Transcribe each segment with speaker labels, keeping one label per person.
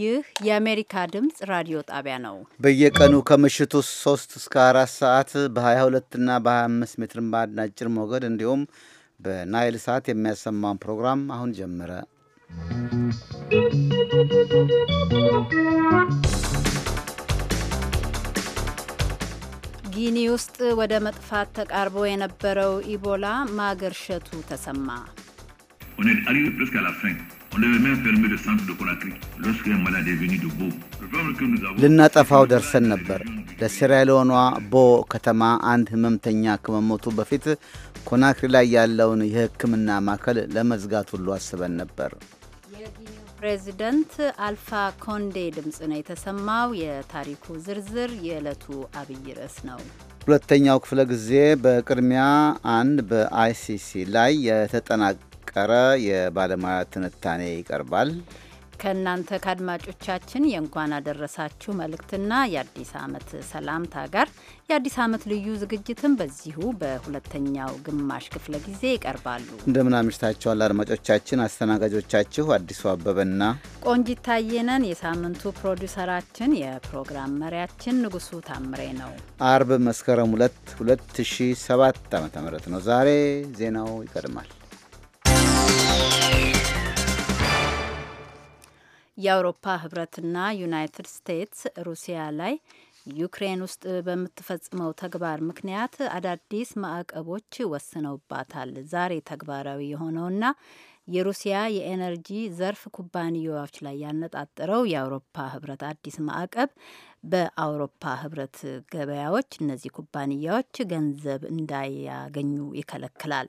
Speaker 1: ይህ የአሜሪካ ድምፅ ራዲዮ ጣቢያ ነው።
Speaker 2: በየቀኑ ከምሽቱ 3 እስከ 4 ሰዓት በ22 እና በ25 ሜትር ባንድ አጭር ሞገድ እንዲሁም በናይል ሰዓት የሚያሰማውን ፕሮግራም አሁን ጀመረ።
Speaker 1: ጊኒ ውስጥ ወደ መጥፋት ተቃርቦ የነበረው ኢቦላ ማገርሸቱ ተሰማ።
Speaker 3: ልናጠፋው
Speaker 2: ደርሰን ነበር። ለሴራሊዮኗ ቦ ከተማ አንድ ህመምተኛ ከመሞቱ በፊት ኮናክሪ ላይ ያለውን የሕክምና ማዕከል ለመዝጋት ሁሉ አስበን ነበር።
Speaker 1: ፕሬዚደንት አልፋ ኮንዴ ድምፅ ነው የተሰማው። የታሪኩ ዝርዝር የዕለቱ አብይ ርዕስ ነው።
Speaker 2: ሁለተኛው ክፍለ ጊዜ በቅድሚያ አንድ በአይሲሲ ላይ የተጠናቀ የተጠናቀረ የባለሙያ ትንታኔ ይቀርባል።
Speaker 1: ከእናንተ ከአድማጮቻችን የእንኳን አደረሳችሁ መልእክትና የአዲስ ዓመት ሰላምታ ጋር የአዲስ ዓመት ልዩ ዝግጅትም በዚሁ በሁለተኛው ግማሽ ክፍለ ጊዜ ይቀርባሉ።
Speaker 2: እንደምን አምሽታችኋል አድማጮቻችን። አስተናጋጆቻችሁ አዲሱ አበበና
Speaker 1: ቆንጂት ታየነን። የሳምንቱ ፕሮዲውሰራችን የፕሮግራም መሪያችን ንጉሱ ታምሬ ነው።
Speaker 2: አርብ መስከረም 2 2007 ዓ ም ነው። ዛሬ ዜናው ይቀድማል።
Speaker 1: የአውሮፓ ህብረትና ዩናይትድ ስቴትስ ሩሲያ ላይ ዩክሬን ውስጥ በምትፈጽመው ተግባር ምክንያት አዳዲስ ማዕቀቦች ወስነውባታል። ዛሬ ተግባራዊ የሆነውና የሩሲያ የኤነርጂ ዘርፍ ኩባንያዎች ላይ ያነጣጠረው የአውሮፓ ህብረት አዲስ ማዕቀብ በአውሮፓ ህብረት ገበያዎች እነዚህ ኩባንያዎች ገንዘብ እንዳያገኙ ይከለክላል።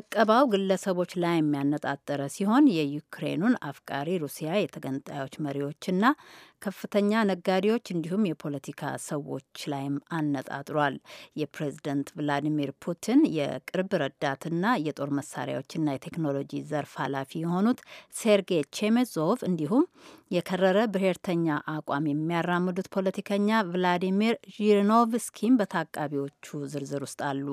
Speaker 1: እቀባው ግለሰቦች ላይ የሚያነጣጠረ ሲሆን የዩክሬኑን አፍቃሪ ሩሲያ የተገንጣዮች መሪዎችና ከፍተኛ ነጋዴዎች እንዲሁም የፖለቲካ ሰዎች ላይም አነጣጥሯል። የፕሬዝደንት ቭላዲሚር ፑቲን የቅርብ ረዳትና የጦር መሳሪያዎችና የቴክኖሎጂ ዘርፍ ኃላፊ የሆኑት ሴርጌይ ቼሜዞቭ እንዲሁም የከረረ ብሔርተኛ አቋም የሚያራምዱት ፖለቲከኛ ቭላዲሚር ዢሪኖቭስኪም በታቃቢዎቹ ዝርዝር ውስጥ አሉ።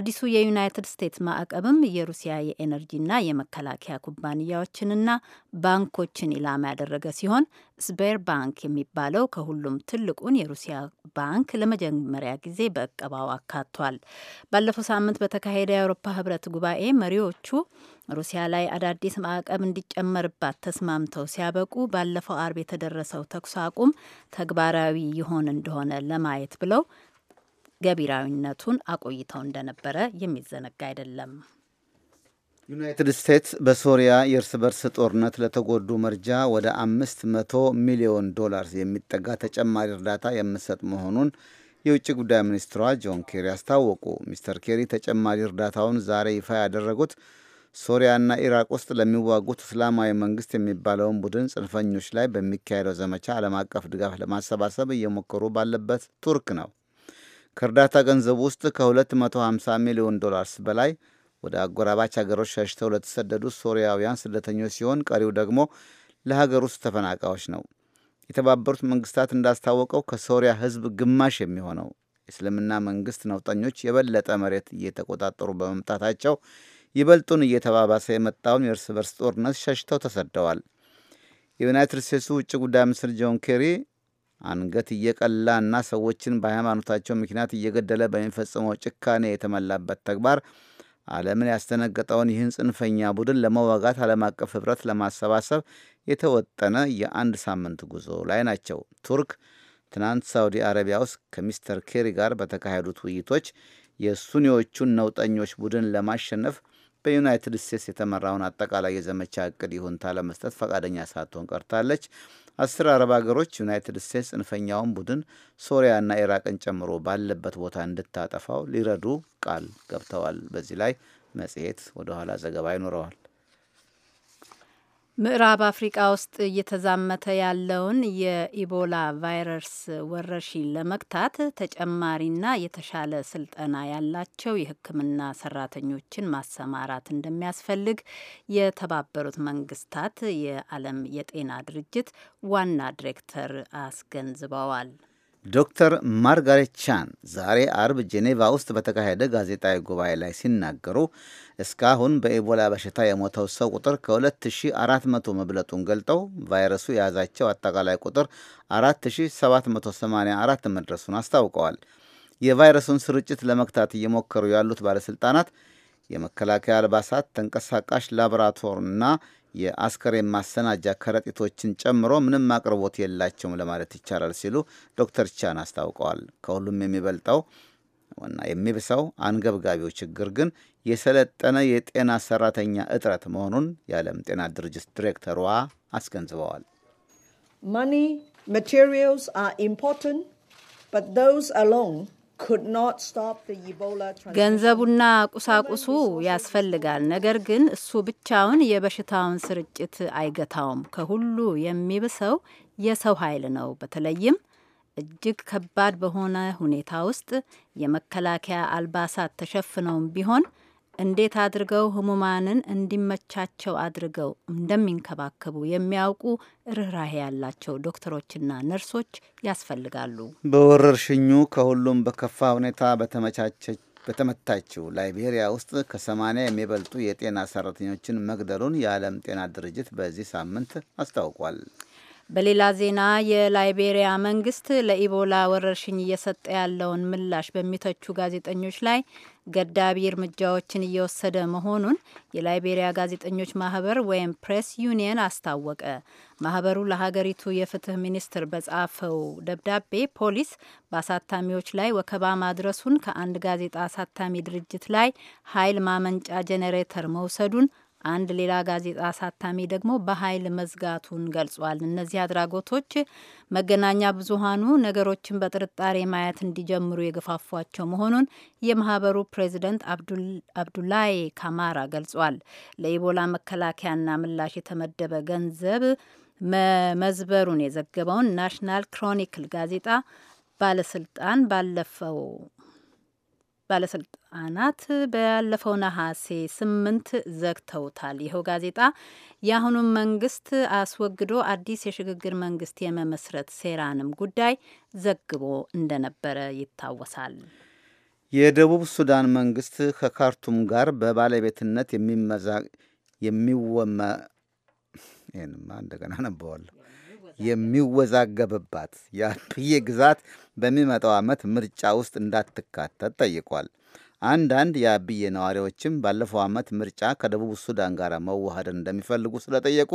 Speaker 1: አዲሱ የዩናይትድ ስቴትስ ማዕቀብም የሩሲያ የኤነርጂና የመከላከያ ኩባንያዎችንና ባንኮችን ኢላማ ያደረገ ሲሆን ስቤር ባንክ የሚባለው ከሁሉም ትልቁን የሩሲያ ባንክ ለመጀመሪያ ጊዜ በእቀባው አካቷል። ባለፈው ሳምንት በተካሄደ የአውሮፓ ህብረት ጉባኤ መሪዎቹ ሩሲያ ላይ አዳዲስ ማዕቀብ እንዲጨመርባት ተስማምተው ሲያበቁ ባለፈው አርብ የተደረሰው ተኩስ አቁም ተግባራዊ ይሆን እንደሆነ ለማየት ብለው ገቢራዊነቱን አቆይተው እንደነበረ የሚዘነጋ አይደለም።
Speaker 2: ዩናይትድ ስቴትስ በሶሪያ የእርስ በርስ ጦርነት ለተጎዱ መርጃ ወደ አምስት መቶ ሚሊዮን ዶላር የሚጠጋ ተጨማሪ እርዳታ የምትሰጥ መሆኑን የውጭ ጉዳይ ሚኒስትሯ ጆን ኬሪ አስታወቁ። ሚስተር ኬሪ ተጨማሪ እርዳታውን ዛሬ ይፋ ያደረጉት ሶሪያና ኢራቅ ውስጥ ለሚዋጉት እስላማዊ መንግስት የሚባለውን ቡድን ጽንፈኞች ላይ በሚካሄደው ዘመቻ ዓለም አቀፍ ድጋፍ ለማሰባሰብ እየሞከሩ ባለበት ቱርክ ነው። ከእርዳታ ገንዘብ ውስጥ ከ250 ሚሊዮን ዶላርስ በላይ ወደ አጎራባች ሀገሮች ሸሽተው ለተሰደዱ ሶሪያውያን ስደተኞች ሲሆን ቀሪው ደግሞ ለሀገር ውስጥ ተፈናቃዮች ነው። የተባበሩት መንግስታት እንዳስታወቀው ከሶሪያ ህዝብ ግማሽ የሚሆነው እስልምና መንግስት ነውጠኞች የበለጠ መሬት እየተቆጣጠሩ በመምጣታቸው ይበልጡን እየተባባሰ የመጣውን የእርስ በርስ ጦርነት ሸሽተው ተሰደዋል። የዩናይትድ ስቴትሱ ውጭ ጉዳይ ሚኒስትር ጆን ኬሪ አንገት እየቀላ እና ሰዎችን በሃይማኖታቸው ምክንያት እየገደለ በሚፈጽመው ጭካኔ የተሞላበት ተግባር ዓለምን ያስደነገጠውን ይህን ጽንፈኛ ቡድን ለመዋጋት ዓለም አቀፍ ኅብረት ለማሰባሰብ የተወጠነ የአንድ ሳምንት ጉዞ ላይ ናቸው። ቱርክ ትናንት ሳውዲ አረቢያ ውስጥ ከሚስተር ኬሪ ጋር በተካሄዱት ውይይቶች የሱኒዎቹን ነውጠኞች ቡድን ለማሸነፍ በዩናይትድ ስቴትስ የተመራውን አጠቃላይ የዘመቻ እቅድ ይሁንታ ለመስጠት ፈቃደኛ ሳትሆን ቀርታለች። አስር አረብ ሀገሮች ዩናይትድ ስቴትስ ጽንፈኛውን ቡድን ሶሪያና ኢራቅን ጨምሮ ባለበት ቦታ እንድታጠፋው ሊረዱ ቃል ገብተዋል። በዚህ ላይ መጽሔት ወደኋላ ዘገባ ይኖረዋል።
Speaker 1: ምዕራብ አፍሪቃ ውስጥ እየተዛመተ ያለውን የኢቦላ ቫይረስ ወረርሽኝ ለመግታት ተጨማሪና የተሻለ ስልጠና ያላቸው የሕክምና ሰራተኞችን ማሰማራት እንደሚያስፈልግ የተባበሩት መንግስታት የዓለም የጤና ድርጅት ዋና ዲሬክተር አስገንዝበዋል።
Speaker 2: ዶክተር ማርጋሬት ቻን ዛሬ አርብ ጄኔቫ ውስጥ በተካሄደ ጋዜጣዊ ጉባኤ ላይ ሲናገሩ እስካሁን በኢቦላ በሽታ የሞተው ሰው ቁጥር ከ2400 መብለጡን ገልጠው ቫይረሱ የያዛቸው አጠቃላይ ቁጥር 4784 መድረሱን አስታውቀዋል። የቫይረሱን ስርጭት ለመግታት እየሞከሩ ያሉት ባለሥልጣናት የመከላከያ አልባሳት፣ ተንቀሳቃሽ ላቦራቶርና የአስከሬን ማሰናጃ ከረጢቶችን ጨምሮ ምንም አቅርቦት የላቸውም ለማለት ይቻላል ሲሉ ዶክተር ቻን አስታውቀዋል። ከሁሉም የሚበልጠው ና የሚብሰው አንገብጋቢው ችግር ግን የሰለጠነ የጤና ሰራተኛ እጥረት መሆኑን የዓለም ጤና ድርጅት ዲሬክተሯ አስገንዝበዋል።
Speaker 4: ማኒ ማቴሪያልስ አር ኢምፖርታንት በት ዞዝ አሎን
Speaker 1: ገንዘቡና ቁሳቁሱ ያስፈልጋል። ነገር ግን እሱ ብቻውን የበሽታውን ስርጭት አይገታውም። ከሁሉ የሚብሰው የሰው ኃይል ነው። በተለይም እጅግ ከባድ በሆነ ሁኔታ ውስጥ የመከላከያ አልባሳት ተሸፍነውም ቢሆን እንዴት አድርገው ህሙማንን እንዲመቻቸው አድርገው እንደሚንከባከቡ የሚያውቁ ርኅራሄ ያላቸው ዶክተሮችና ነርሶች ያስፈልጋሉ።
Speaker 2: በወረርሽኙ ከሁሉም በከፋ ሁኔታ በተመቻቸች በተመታችው ላይቤሪያ ውስጥ ከሰማንያ የሚበልጡ የጤና ሰራተኞችን መግደሉን የዓለም ጤና ድርጅት በዚህ ሳምንት አስታውቋል።
Speaker 1: በሌላ ዜና የላይቤሪያ መንግስት ለኢቦላ ወረርሽኝ እየሰጠ ያለውን ምላሽ በሚተቹ ጋዜጠኞች ላይ ገዳቢ እርምጃዎችን እየወሰደ መሆኑን የላይቤሪያ ጋዜጠኞች ማህበር ወይም ፕሬስ ዩኒየን አስታወቀ። ማህበሩ ለሀገሪቱ የፍትህ ሚኒስትር በጻፈው ደብዳቤ ፖሊስ በአሳታሚዎች ላይ ወከባ ማድረሱን፣ ከአንድ ጋዜጣ አሳታሚ ድርጅት ላይ ኃይል ማመንጫ ጄኔሬተር መውሰዱን አንድ ሌላ ጋዜጣ አሳታሚ ደግሞ በኃይል መዝጋቱን ገልጿል። እነዚህ አድራጎቶች መገናኛ ብዙሃኑ ነገሮችን በጥርጣሬ ማየት እንዲጀምሩ የገፋፏቸው መሆኑን የማህበሩ ፕሬዚደንት አብዱላይ ካማራ ገልጿል። ለኢቦላ መከላከያና ምላሽ የተመደበ ገንዘብ መመዝበሩን የዘገበውን ናሽናል ክሮኒክል ጋዜጣ ባለስልጣን ባለፈው ባለስልጣናት ባለፈው ነሐሴ ስምንት ዘግተውታል። ይኸው ጋዜጣ የአሁኑን መንግስት አስወግዶ አዲስ የሽግግር መንግስት የመመስረት ሴራንም ጉዳይ ዘግቦ እንደነበረ ይታወሳል።
Speaker 2: የደቡብ ሱዳን መንግስት ከካርቱም ጋር በባለቤትነት የሚመዛ የሚወመ ይህንማ እንደገና ነበዋለሁ የሚወዛገብባት የአብዬ ግዛት በሚመጣው ዓመት ምርጫ ውስጥ እንዳትካተት ጠይቋል። አንዳንድ የአብዬ ነዋሪዎችም ባለፈው ዓመት ምርጫ ከደቡብ ሱዳን ጋር መዋሃድን እንደሚፈልጉ ስለጠየቁ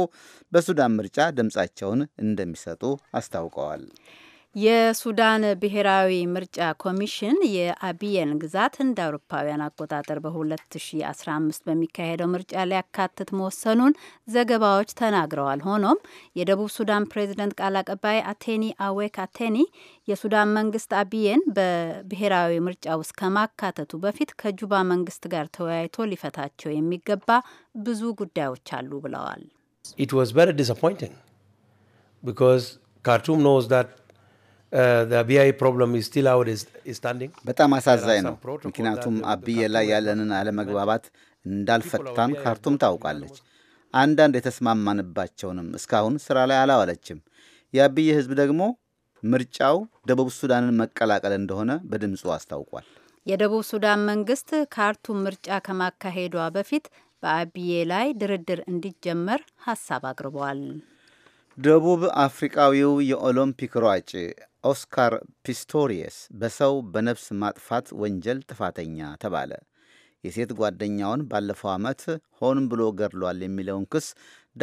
Speaker 2: በሱዳን ምርጫ ድምፃቸውን እንደሚሰጡ አስታውቀዋል።
Speaker 1: የሱዳን ብሔራዊ ምርጫ ኮሚሽን የአቢየን ግዛት እንደ አውሮፓውያን አቆጣጠር በ2015 በሚካሄደው ምርጫ ሊያካትት መወሰኑን ዘገባዎች ተናግረዋል። ሆኖም የደቡብ ሱዳን ፕሬዝደንት ቃል አቀባይ አቴኒ አዌክ አቴኒ የሱዳን መንግስት አቢየን በብሔራዊ ምርጫ ውስጥ ከማካተቱ በፊት ከጁባ መንግስት ጋር ተወያይቶ ሊፈታቸው የሚገባ ብዙ ጉዳዮች አሉ ብለዋል።
Speaker 5: ካርቱም ኖዝ ዳት Uh, በጣም አሳዛኝ ነው። ምክንያቱም
Speaker 2: አብዬ ላይ ያለንን አለመግባባት እንዳልፈታን ካርቱም ታውቃለች። አንዳንድ የተስማማንባቸውንም እስካሁን ስራ ላይ አላዋለችም። የአብዬ ህዝብ ደግሞ ምርጫው ደቡብ ሱዳንን መቀላቀል እንደሆነ በድምፁ አስታውቋል።
Speaker 1: የደቡብ ሱዳን መንግስት ካርቱም ምርጫ ከማካሄዷ በፊት በአብዬ ላይ ድርድር እንዲጀመር ሀሳብ አቅርበዋል።
Speaker 2: ደቡብ አፍሪቃዊው የኦሎምፒክ ሯጭ ኦስካር ፒስቶሪየስ በሰው በነፍስ ማጥፋት ወንጀል ጥፋተኛ ተባለ። የሴት ጓደኛውን ባለፈው ዓመት ሆን ብሎ ገድሏል የሚለውን ክስ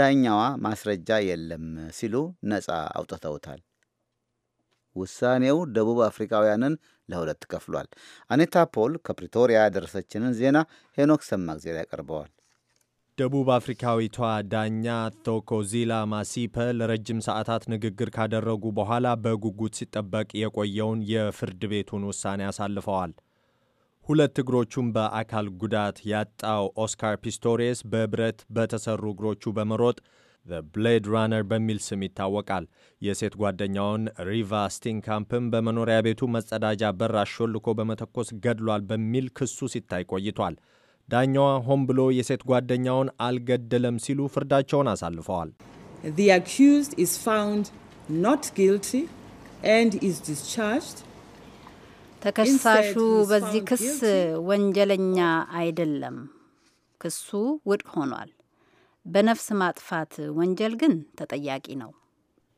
Speaker 2: ዳኛዋ ማስረጃ የለም ሲሉ ነፃ አውጥተውታል። ውሳኔው ደቡብ አፍሪካውያንን ለሁለት ከፍሏል። አኔታ ፖል ከፕሪቶሪያ ያደረሰችንን ዜና ሄኖክ ሰማግዜር ያቀርበዋል።
Speaker 6: ደቡብ አፍሪካዊቷ ዳኛ ቶኮዚላ ማሲፐ ለረጅም ሰዓታት ንግግር ካደረጉ በኋላ በጉጉት ሲጠበቅ የቆየውን የፍርድ ቤቱን ውሳኔ አሳልፈዋል። ሁለት እግሮቹን በአካል ጉዳት ያጣው ኦስካር ፒስቶሬስ በብረት በተሰሩ እግሮቹ በመሮጥ ዘ ብሌድ ራነር በሚል ስም ይታወቃል። የሴት ጓደኛውን ሪቫ ስቲንካምፕን በመኖሪያ ቤቱ መጸዳጃ በር አሾልኮ በመተኮስ ገድሏል በሚል ክሱ ሲታይ ቆይቷል። ዳኛዋ ሆን ብሎ የሴት ጓደኛውን አልገደለም ሲሉ ፍርዳቸውን አሳልፈዋል። The
Speaker 7: accused is found not guilty and is discharged
Speaker 1: ተከሳሹ በዚህ ክስ ወንጀለኛ አይደለም፣ ክሱ ውድቅ ሆኗል። በነፍስ ማጥፋት ወንጀል ግን ተጠያቂ ነው።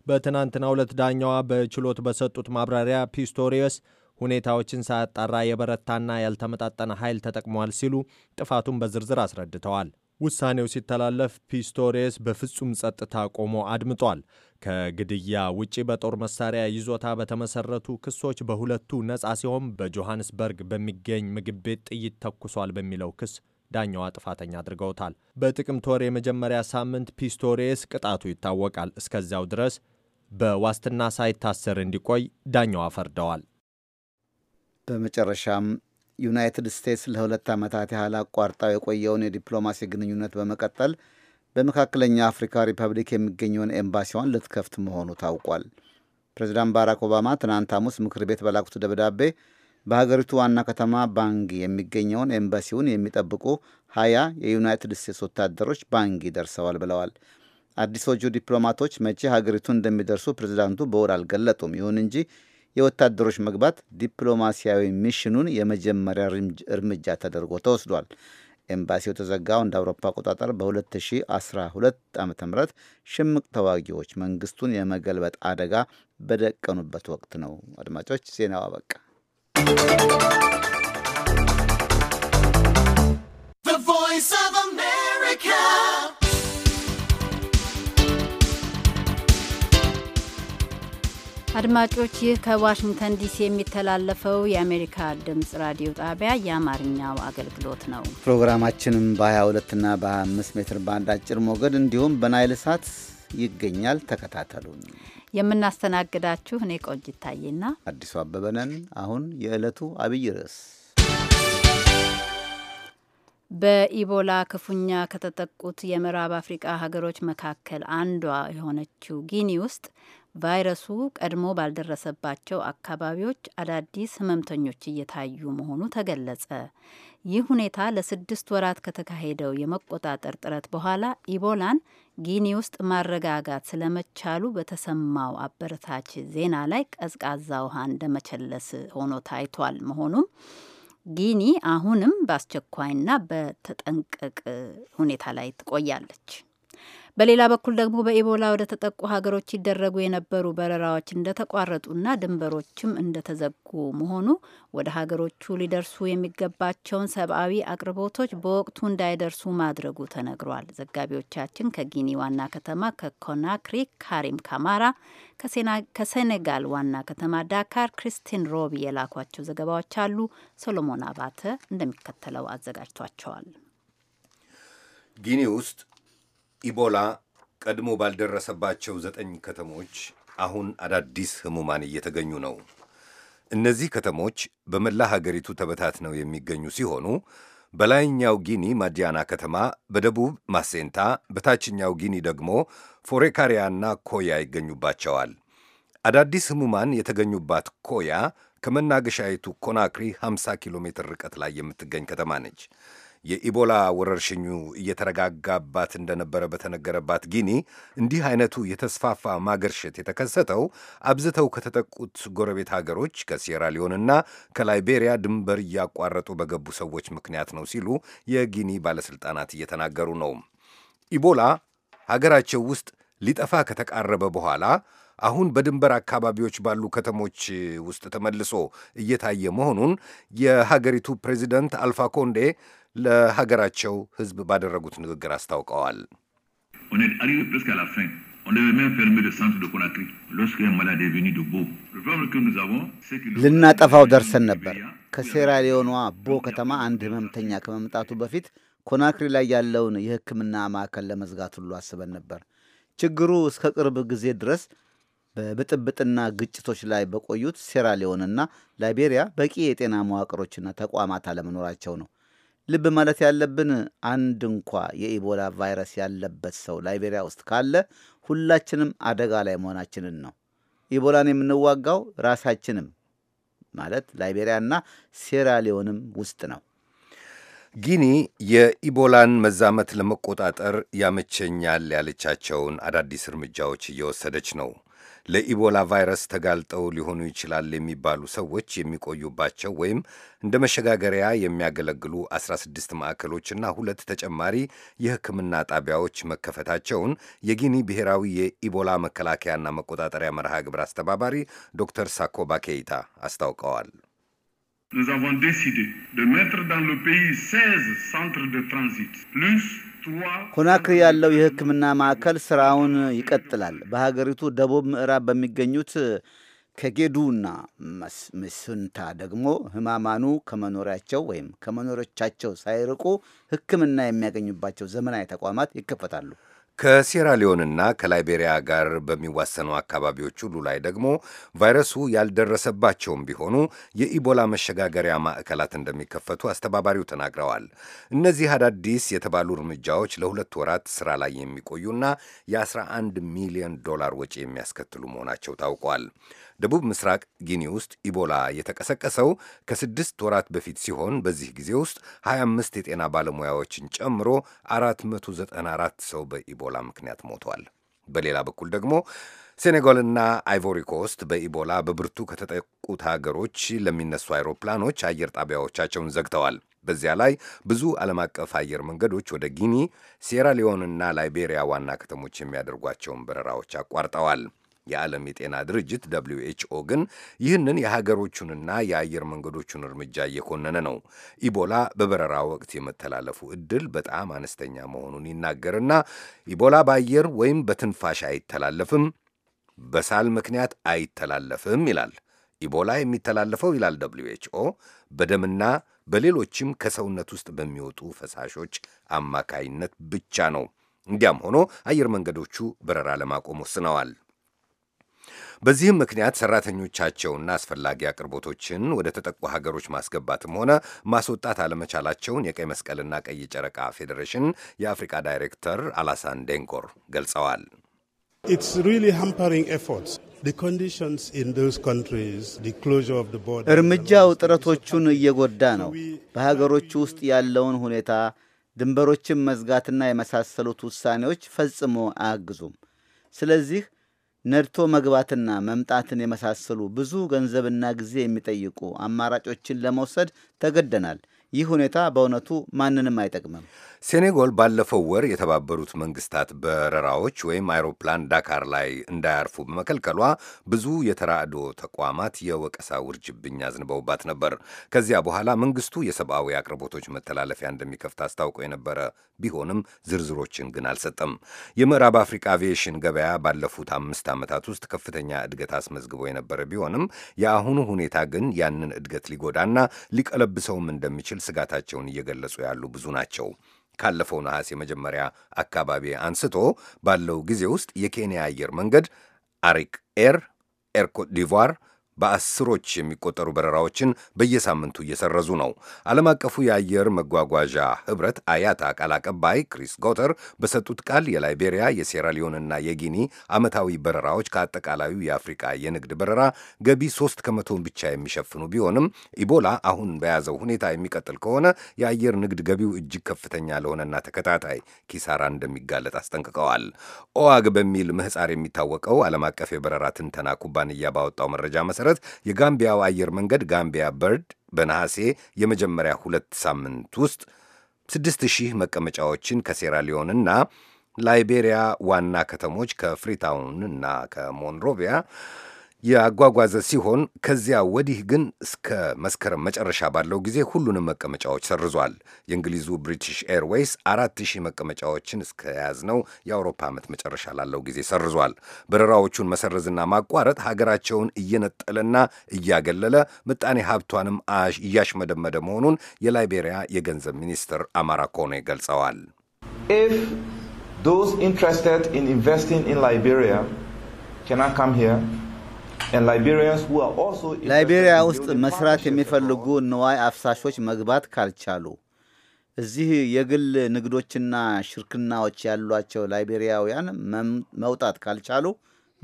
Speaker 6: በትናንትናው ዕለት ዳኛዋ በችሎት በሰጡት ማብራሪያ ፒስቶሪየስ ሁኔታዎችን ሳያጣራ የበረታና ያልተመጣጠነ ኃይል ተጠቅሟል ሲሉ ጥፋቱን በዝርዝር አስረድተዋል። ውሳኔው ሲተላለፍ ፒስቶሬስ በፍጹም ጸጥታ ቆሞ አድምጧል። ከግድያ ውጪ በጦር መሳሪያ ይዞታ በተመሰረቱ ክሶች በሁለቱ ነጻ ሲሆን በጆሐንስበርግ በሚገኝ ምግብ ቤት ጥይት ተኩሷል በሚለው ክስ ዳኛዋ ጥፋተኛ አድርገውታል። በጥቅምት ወር የመጀመሪያ ሳምንት ፒስቶሬስ ቅጣቱ ይታወቃል። እስከዚያው ድረስ በዋስትና ሳይታሰር እንዲቆይ ዳኛዋ ፈርደዋል።
Speaker 2: በመጨረሻም ዩናይትድ ስቴትስ ለሁለት ዓመታት ያህል አቋርጣው የቆየውን የዲፕሎማሲ ግንኙነት በመቀጠል በመካከለኛ አፍሪካ ሪፐብሊክ የሚገኘውን ኤምባሲዋን ልትከፍት መሆኑ ታውቋል። ፕሬዚዳንት ባራክ ኦባማ ትናንት ሐሙስ ምክር ቤት በላኩት ደብዳቤ በሀገሪቱ ዋና ከተማ ባንጊ የሚገኘውን ኤምባሲውን የሚጠብቁ ሀያ የዩናይትድ ስቴትስ ወታደሮች ባንጊ ደርሰዋል ብለዋል። አዲሶቹ ዲፕሎማቶች መቼ ሀገሪቱ እንደሚደርሱ ፕሬዚዳንቱ በውል አልገለጡም። ይሁን እንጂ የወታደሮች መግባት ዲፕሎማሲያዊ ሚሽኑን የመጀመሪያ እርምጃ ተደርጎ ተወስዷል። ኤምባሲው ተዘጋው እንደ አውሮፓ አቆጣጠር በ2012 ዓ ም ሽምቅ ተዋጊዎች መንግስቱን የመገልበጥ አደጋ በደቀኑበት ወቅት ነው። አድማጮች ዜናው አበቃ።
Speaker 1: አድማጮች ይህ ከዋሽንግተን ዲሲ የሚተላለፈው የአሜሪካ ድምፅ ራዲዮ ጣቢያ የአማርኛው አገልግሎት ነው።
Speaker 2: ፕሮግራማችንም በ22 እና በ25 ሜትር ባንድ አጭር ሞገድ እንዲሁም በናይል ሳት ይገኛል። ተከታተሉን።
Speaker 1: የምናስተናግዳችሁ እኔ ቆንጂት ታዬና
Speaker 2: አዲሱ አበበ ነን። አሁን የዕለቱ አብይ ርዕስ
Speaker 1: በኢቦላ ክፉኛ ከተጠቁት የምዕራብ አፍሪቃ ሀገሮች መካከል አንዷ የሆነችው ጊኒ ውስጥ ቫይረሱ ቀድሞ ባልደረሰባቸው አካባቢዎች አዳዲስ ህመምተኞች እየታዩ መሆኑ ተገለጸ። ይህ ሁኔታ ለስድስት ወራት ከተካሄደው የመቆጣጠር ጥረት በኋላ ኢቦላን ጊኒ ውስጥ ማረጋጋት ስለመቻሉ በተሰማው አበረታች ዜና ላይ ቀዝቃዛ ውሃ እንደመቸለስ ሆኖ ታይቷል። መሆኑም ጊኒ አሁንም በአስቸኳይና በተጠንቀቅ ሁኔታ ላይ ትቆያለች። በሌላ በኩል ደግሞ በኢቦላ ወደ ተጠቁ ሀገሮች ይደረጉ የነበሩ በረራዎች እንደተቋረጡና ድንበሮችም እንደተዘጉ መሆኑ ወደ ሀገሮቹ ሊደርሱ የሚገባቸውን ሰብአዊ አቅርቦቶች በወቅቱ እንዳይደርሱ ማድረጉ ተነግሯል። ዘጋቢዎቻችን ከጊኒ ዋና ከተማ ከኮናክሪ ካሪም ካማራ፣ ከሴኔጋል ዋና ከተማ ዳካር ክሪስቲን ሮቢ የላኳቸው ዘገባዎች አሉ። ሰሎሞን አባተ እንደሚከተለው አዘጋጅቷቸዋል።
Speaker 8: ጊኒ ውስጥ ኢቦላ ቀድሞ ባልደረሰባቸው ዘጠኝ ከተሞች አሁን አዳዲስ ህሙማን እየተገኙ ነው። እነዚህ ከተሞች በመላ ሀገሪቱ ተበታትነው የሚገኙ ሲሆኑ በላይኛው ጊኒ ማዲያና ከተማ፣ በደቡብ ማሴንታ፣ በታችኛው ጊኒ ደግሞ ፎሬካሪያና ኮያ ይገኙባቸዋል። አዳዲስ ህሙማን የተገኙባት ኮያ ከመናገሻይቱ ኮናክሪ 50 ኪሎ ሜትር ርቀት ላይ የምትገኝ ከተማ ነች። የኢቦላ ወረርሽኙ እየተረጋጋባት እንደነበረ በተነገረባት ጊኒ እንዲህ አይነቱ የተስፋፋ ማገርሸት የተከሰተው አብዝተው ከተጠቁት ጎረቤት ሀገሮች ከሴራሊዮንና ከላይቤሪያ ድንበር እያቋረጡ በገቡ ሰዎች ምክንያት ነው ሲሉ የጊኒ ባለሥልጣናት እየተናገሩ ነው። ኢቦላ ሀገራቸው ውስጥ ሊጠፋ ከተቃረበ በኋላ አሁን በድንበር አካባቢዎች ባሉ ከተሞች ውስጥ ተመልሶ እየታየ መሆኑን የሀገሪቱ ፕሬዚደንት አልፋ ኮንዴ ለሀገራቸው ሕዝብ ባደረጉት ንግግር አስታውቀዋል።
Speaker 2: ልናጠፋው ደርሰን ነበር። ከሴራሊዮኗ ቦ ከተማ አንድ ህመምተኛ ከመምጣቱ በፊት ኮናክሪ ላይ ያለውን የሕክምና ማዕከል ለመዝጋት ሁሉ አስበን ነበር። ችግሩ እስከ ቅርብ ጊዜ ድረስ በብጥብጥና ግጭቶች ላይ በቆዩት ሴራሊዮንና ላይቤሪያ በቂ የጤና መዋቅሮችና ተቋማት አለመኖራቸው ነው። ልብ ማለት ያለብን አንድ እንኳ የኢቦላ ቫይረስ ያለበት ሰው ላይቤሪያ ውስጥ ካለ ሁላችንም አደጋ ላይ መሆናችንን ነው። ኢቦላን የምንዋጋው ራሳችንም ማለት ላይቤሪያና ሴራሊዮንም ውስጥ ነው። ጊኒ
Speaker 8: የኢቦላን መዛመት ለመቆጣጠር ያመቸኛል ያለቻቸውን አዳዲስ እርምጃዎች እየወሰደች ነው። ለኢቦላ ቫይረስ ተጋልጠው ሊሆኑ ይችላል የሚባሉ ሰዎች የሚቆዩባቸው ወይም እንደ መሸጋገሪያ የሚያገለግሉ 16 ማዕከሎችና ሁለት ተጨማሪ የሕክምና ጣቢያዎች መከፈታቸውን የጊኒ ብሔራዊ የኢቦላ መከላከያና መቆጣጠሪያ መርሃ ግብር አስተባባሪ ዶክተር ሳኮባ ኬይታ አስታውቀዋል።
Speaker 3: Nous avons décidé de mettre dans le pays 16 centres de transit,
Speaker 2: plus ኮናክሪ ያለው የሕክምና ማዕከል ስራውን ይቀጥላል። በሀገሪቱ ደቡብ ምዕራብ በሚገኙት ከጌዱና ምስንታ ደግሞ ህማማኑ ከመኖሪያቸው ወይም ከመኖሪቻቸው ሳይርቁ ሕክምና የሚያገኙባቸው ዘመናዊ ተቋማት ይከፈታሉ።
Speaker 8: ከሴራሊዮንና ከላይቤሪያ ጋር በሚዋሰኑ አካባቢዎች ሁሉ ላይ ደግሞ ቫይረሱ ያልደረሰባቸውም ቢሆኑ የኢቦላ መሸጋገሪያ ማዕከላት እንደሚከፈቱ አስተባባሪው ተናግረዋል። እነዚህ አዳዲስ የተባሉ እርምጃዎች ለሁለት ወራት ስራ ላይ የሚቆዩና የ11 ሚሊዮን ዶላር ወጪ የሚያስከትሉ መሆናቸው ታውቋል። ደቡብ ምስራቅ ጊኒ ውስጥ ኢቦላ የተቀሰቀሰው ከስድስት ወራት በፊት ሲሆን በዚህ ጊዜ ውስጥ 25 የጤና ባለሙያዎችን ጨምሮ 494 ሰው በኢቦላ ምክንያት ሞቷል። በሌላ በኩል ደግሞ ሴኔጋልና አይቮሪ ኮስት በኢቦላ በብርቱ ከተጠቁት ሀገሮች ለሚነሱ አይሮፕላኖች አየር ጣቢያዎቻቸውን ዘግተዋል። በዚያ ላይ ብዙ ዓለም አቀፍ አየር መንገዶች ወደ ጊኒ፣ ሴራ ሊዮንና ላይቤሪያ ዋና ከተሞች የሚያደርጓቸውን በረራዎች አቋርጠዋል። የዓለም የጤና ድርጅት ደብሊው ኤች ኦ ግን ይህንን የሀገሮቹንና የአየር መንገዶቹን እርምጃ እየኮነነ ነው። ኢቦላ በበረራ ወቅት የመተላለፉ እድል በጣም አነስተኛ መሆኑን ይናገርና ኢቦላ በአየር ወይም በትንፋሽ አይተላለፍም፣ በሳል ምክንያት አይተላለፍም ይላል። ኢቦላ የሚተላለፈው ይላል ደብሊው ኤች ኦ በደምና በሌሎችም ከሰውነት ውስጥ በሚወጡ ፈሳሾች አማካይነት ብቻ ነው። እንዲያም ሆኖ አየር መንገዶቹ በረራ ለማቆም ወስነዋል። በዚህም ምክንያት ሰራተኞቻቸውና አስፈላጊ አቅርቦቶችን ወደ ተጠቁ ሀገሮች ማስገባትም ሆነ ማስወጣት አለመቻላቸውን የቀይ መስቀልና ቀይ ጨረቃ ፌዴሬሽን የአፍሪካ ዳይሬክተር አላሳን ዴንኮር ገልጸዋል።
Speaker 2: እርምጃው ጥረቶቹን እየጎዳ ነው። በሀገሮች ውስጥ ያለውን ሁኔታ ድንበሮችን መዝጋትና የመሳሰሉት ውሳኔዎች ፈጽሞ አያግዙም። ስለዚህ ነድቶ መግባትና መምጣትን የመሳሰሉ ብዙ ገንዘብና ጊዜ የሚጠይቁ አማራጮችን ለመውሰድ ተገደናል። ይህ ሁኔታ በእውነቱ ማንንም አይጠቅምም።
Speaker 8: ሴኔጎል ባለፈው ወር የተባበሩት መንግስታት በረራዎች ወይም አይሮፕላን ዳካር ላይ እንዳያርፉ በመከልከሏ ብዙ የተራድኦ ተቋማት የወቀሳ ውርጅብኝ አዝንበውባት ነበር። ከዚያ በኋላ መንግስቱ የሰብአዊ አቅርቦቶች መተላለፊያ እንደሚከፍት አስታውቆ የነበረ ቢሆንም ዝርዝሮችን ግን አልሰጠም። የምዕራብ አፍሪካ አቪዬሽን ገበያ ባለፉት አምስት ዓመታት ውስጥ ከፍተኛ እድገት አስመዝግቦ የነበረ ቢሆንም የአሁኑ ሁኔታ ግን ያንን እድገት ሊጎዳና ሊቀለብሰውም እንደሚችል ስጋታቸውን እየገለጹ ያሉ ብዙ ናቸው። ካለፈው ነሐሴ መጀመሪያ አካባቢ አንስቶ ባለው ጊዜ ውስጥ የኬንያ አየር መንገድ አሪክ ኤር፣ ኤር ኮት ዲቯር በአስሮች የሚቆጠሩ በረራዎችን በየሳምንቱ እየሰረዙ ነው። ዓለም አቀፉ የአየር መጓጓዣ ህብረት አያታ ቃል አቀባይ ክሪስ ጎተር በሰጡት ቃል የላይቤሪያ የሴራሊዮንና የጊኒ ዓመታዊ በረራዎች ከአጠቃላዩ የአፍሪቃ የንግድ በረራ ገቢ ሶስት ከመቶውን ብቻ የሚሸፍኑ ቢሆንም ኢቦላ አሁን በያዘው ሁኔታ የሚቀጥል ከሆነ የአየር ንግድ ገቢው እጅግ ከፍተኛ ለሆነና ተከታታይ ኪሳራ እንደሚጋለጥ አስጠንቅቀዋል። ኦዋግ በሚል ምህፃር የሚታወቀው ዓለም አቀፍ የበረራ ትንተና ኩባንያ ባወጣው መረጃ መሰረት መሠረት የጋምቢያው አየር መንገድ ጋምቢያ በርድ በነሐሴ የመጀመሪያ ሁለት ሳምንት ውስጥ ስድስት ሺህ መቀመጫዎችን ከሴራሊዮንና ላይቤሪያ ዋና ከተሞች ከፍሪታውን እና ከሞንሮቪያ ያጓጓዘ ሲሆን ከዚያ ወዲህ ግን እስከ መስከረም መጨረሻ ባለው ጊዜ ሁሉንም መቀመጫዎች ሰርዟል። የእንግሊዙ ብሪቲሽ ኤርዌይስ አራት ሺህ መቀመጫዎችን እስከ ያዝነው የአውሮፓ ዓመት መጨረሻ ላለው ጊዜ ሰርዟል። በረራዎቹን መሰረዝና ማቋረጥ ሀገራቸውን እየነጠለና እያገለለ ምጣኔ ሀብቷንም እያሽመደመደ መሆኑን የላይቤሪያ የገንዘብ ሚኒስትር አማራ ኮኔ
Speaker 2: ገልጸዋል። ኢንትረስትድ ኢን ኢንቨስቲንግ ኢን ላይቤሪያ ካን ካም ሂር
Speaker 8: ላይቤሪያ ውስጥ
Speaker 2: መስራት የሚፈልጉ ንዋይ አፍሳሾች መግባት ካልቻሉ እዚህ የግል ንግዶችና ሽርክናዎች ያሏቸው ላይቤሪያውያን መውጣት ካልቻሉ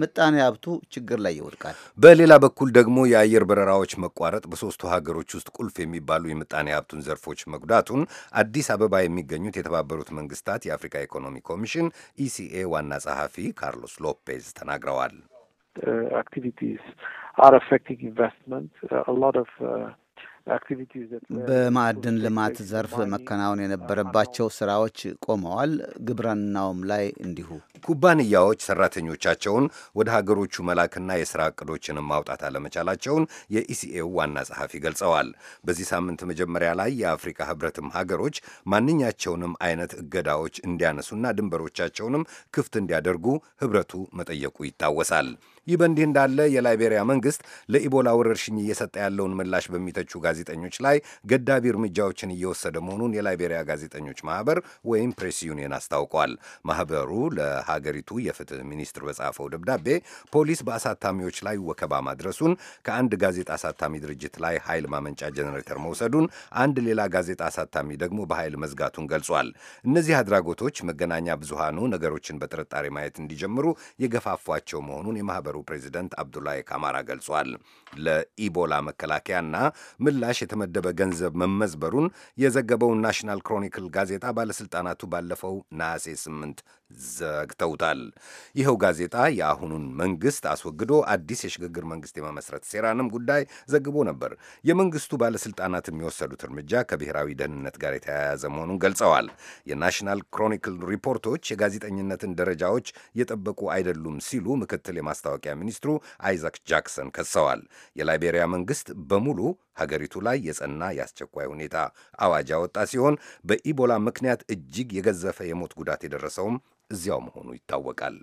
Speaker 2: ምጣኔ ሀብቱ ችግር ላይ ይወድቃል።
Speaker 8: በሌላ በኩል ደግሞ የአየር በረራዎች መቋረጥ በሦስቱ ሀገሮች ውስጥ ቁልፍ የሚባሉ የምጣኔ ሀብቱን ዘርፎች መጉዳቱን አዲስ አበባ የሚገኙት የተባበሩት መንግስታት የአፍሪካ ኢኮኖሚ ኮሚሽን ኢሲኤ ዋና ጸሐፊ ካርሎስ ሎፔዝ ተናግረዋል። Uh, activities
Speaker 9: are affecting investment. Uh, a lot of
Speaker 5: uh,
Speaker 2: በማዕድን ልማት ዘርፍ መከናወን የነበረባቸው ስራዎች ቆመዋል። ግብርናውም ላይ እንዲሁ ኩባንያዎች ሰራተኞቻቸውን
Speaker 8: ወደ ሀገሮቹ መላክና የሥራ ዕቅዶችንም ማውጣት አለመቻላቸውን የኢሲኤው ዋና ጸሐፊ ገልጸዋል። በዚህ ሳምንት መጀመሪያ ላይ የአፍሪካ ህብረትም ሀገሮች ማንኛቸውንም አይነት እገዳዎች እንዲያነሱና ድንበሮቻቸውንም ክፍት እንዲያደርጉ ህብረቱ መጠየቁ ይታወሳል። ይህ በእንዲህ እንዳለ የላይቤሪያ መንግስት ለኢቦላ ወረርሽኝ እየሰጠ ያለውን ምላሽ በሚተቹ ጋዜጠኞች ላይ ገዳቢ እርምጃዎችን እየወሰደ መሆኑን የላይቤሪያ ጋዜጠኞች ማህበር ወይም ፕሬስ ዩኒየን አስታውቋል። ማህበሩ ለሀገሪቱ የፍትህ ሚኒስትር በጻፈው ደብዳቤ ፖሊስ በአሳታሚዎች ላይ ወከባ ማድረሱን፣ ከአንድ ጋዜጣ አሳታሚ ድርጅት ላይ ኃይል ማመንጫ ጀኔሬተር መውሰዱን፣ አንድ ሌላ ጋዜጣ አሳታሚ ደግሞ በኃይል መዝጋቱን ገልጿል። እነዚህ አድራጎቶች መገናኛ ብዙሃኑ ነገሮችን በጥርጣሬ ማየት እንዲጀምሩ የገፋፏቸው መሆኑን የማህበሩ የሀገሩ ፕሬዚደንት አብዱላይ ካማራ ገልጿል። ለኢቦላ መከላከያና ምላሽ የተመደበ ገንዘብ መመዝበሩን የዘገበው ናሽናል ክሮኒክል ጋዜጣ ባለሥልጣናቱ ባለፈው ነሐሴ 8 ዘግተውታል። ይኸው ጋዜጣ የአሁኑን መንግስት አስወግዶ አዲስ የሽግግር መንግስት የመመስረት ሴራንም ጉዳይ ዘግቦ ነበር። የመንግስቱ ባለስልጣናት የሚወሰዱት እርምጃ ከብሔራዊ ደህንነት ጋር የተያያዘ መሆኑን ገልጸዋል። የናሽናል ክሮኒክል ሪፖርቶች የጋዜጠኝነትን ደረጃዎች የጠበቁ አይደሉም ሲሉ ምክትል የማስታወቂያ መከላከያ ሚኒስትሩ አይዛክ ጃክሰን ከሰዋል። የላይቤሪያ መንግስት በሙሉ ሀገሪቱ ላይ የጸና የአስቸኳይ ሁኔታ አዋጅ ያወጣ ሲሆን በኢቦላ ምክንያት እጅግ የገዘፈ የሞት ጉዳት የደረሰውም እዚያው መሆኑ ይታወቃል።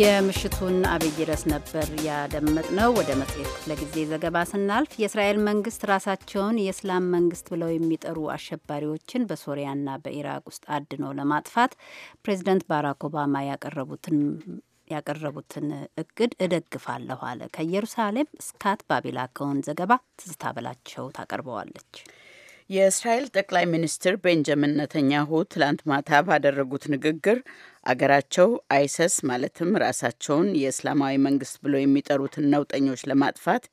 Speaker 1: የምሽቱን አብይ ርዕስ ነበር ያደመጥነው። ወደ መጽሔት ክፍለ ጊዜ ዘገባ ስናልፍ የእስራኤል መንግስት ራሳቸውን የእስላም መንግስት ብለው የሚጠሩ አሸባሪዎችን በሶሪያና በኢራቅ ውስጥ አድኖ ለማጥፋት ፕሬዚደንት ባራክ ኦባማ ያቀረቡትን ያቀረቡትን እቅድ እደግፋለሁ አለ። ከኢየሩሳሌም ስካት ባቢላከውን ዘገባ ትዝታ በላቸው ታቀርበዋለች።
Speaker 7: የእስራኤል ጠቅላይ ሚኒስትር ቤንጃሚን ነተኛሁ ትላንት ማታ ባደረጉት ንግግር አገራቸው አይሰስ ማለትም ራሳቸውን የእስላማዊ መንግስት ብሎ የሚጠሩትን ነውጠኞች ለማጥፋት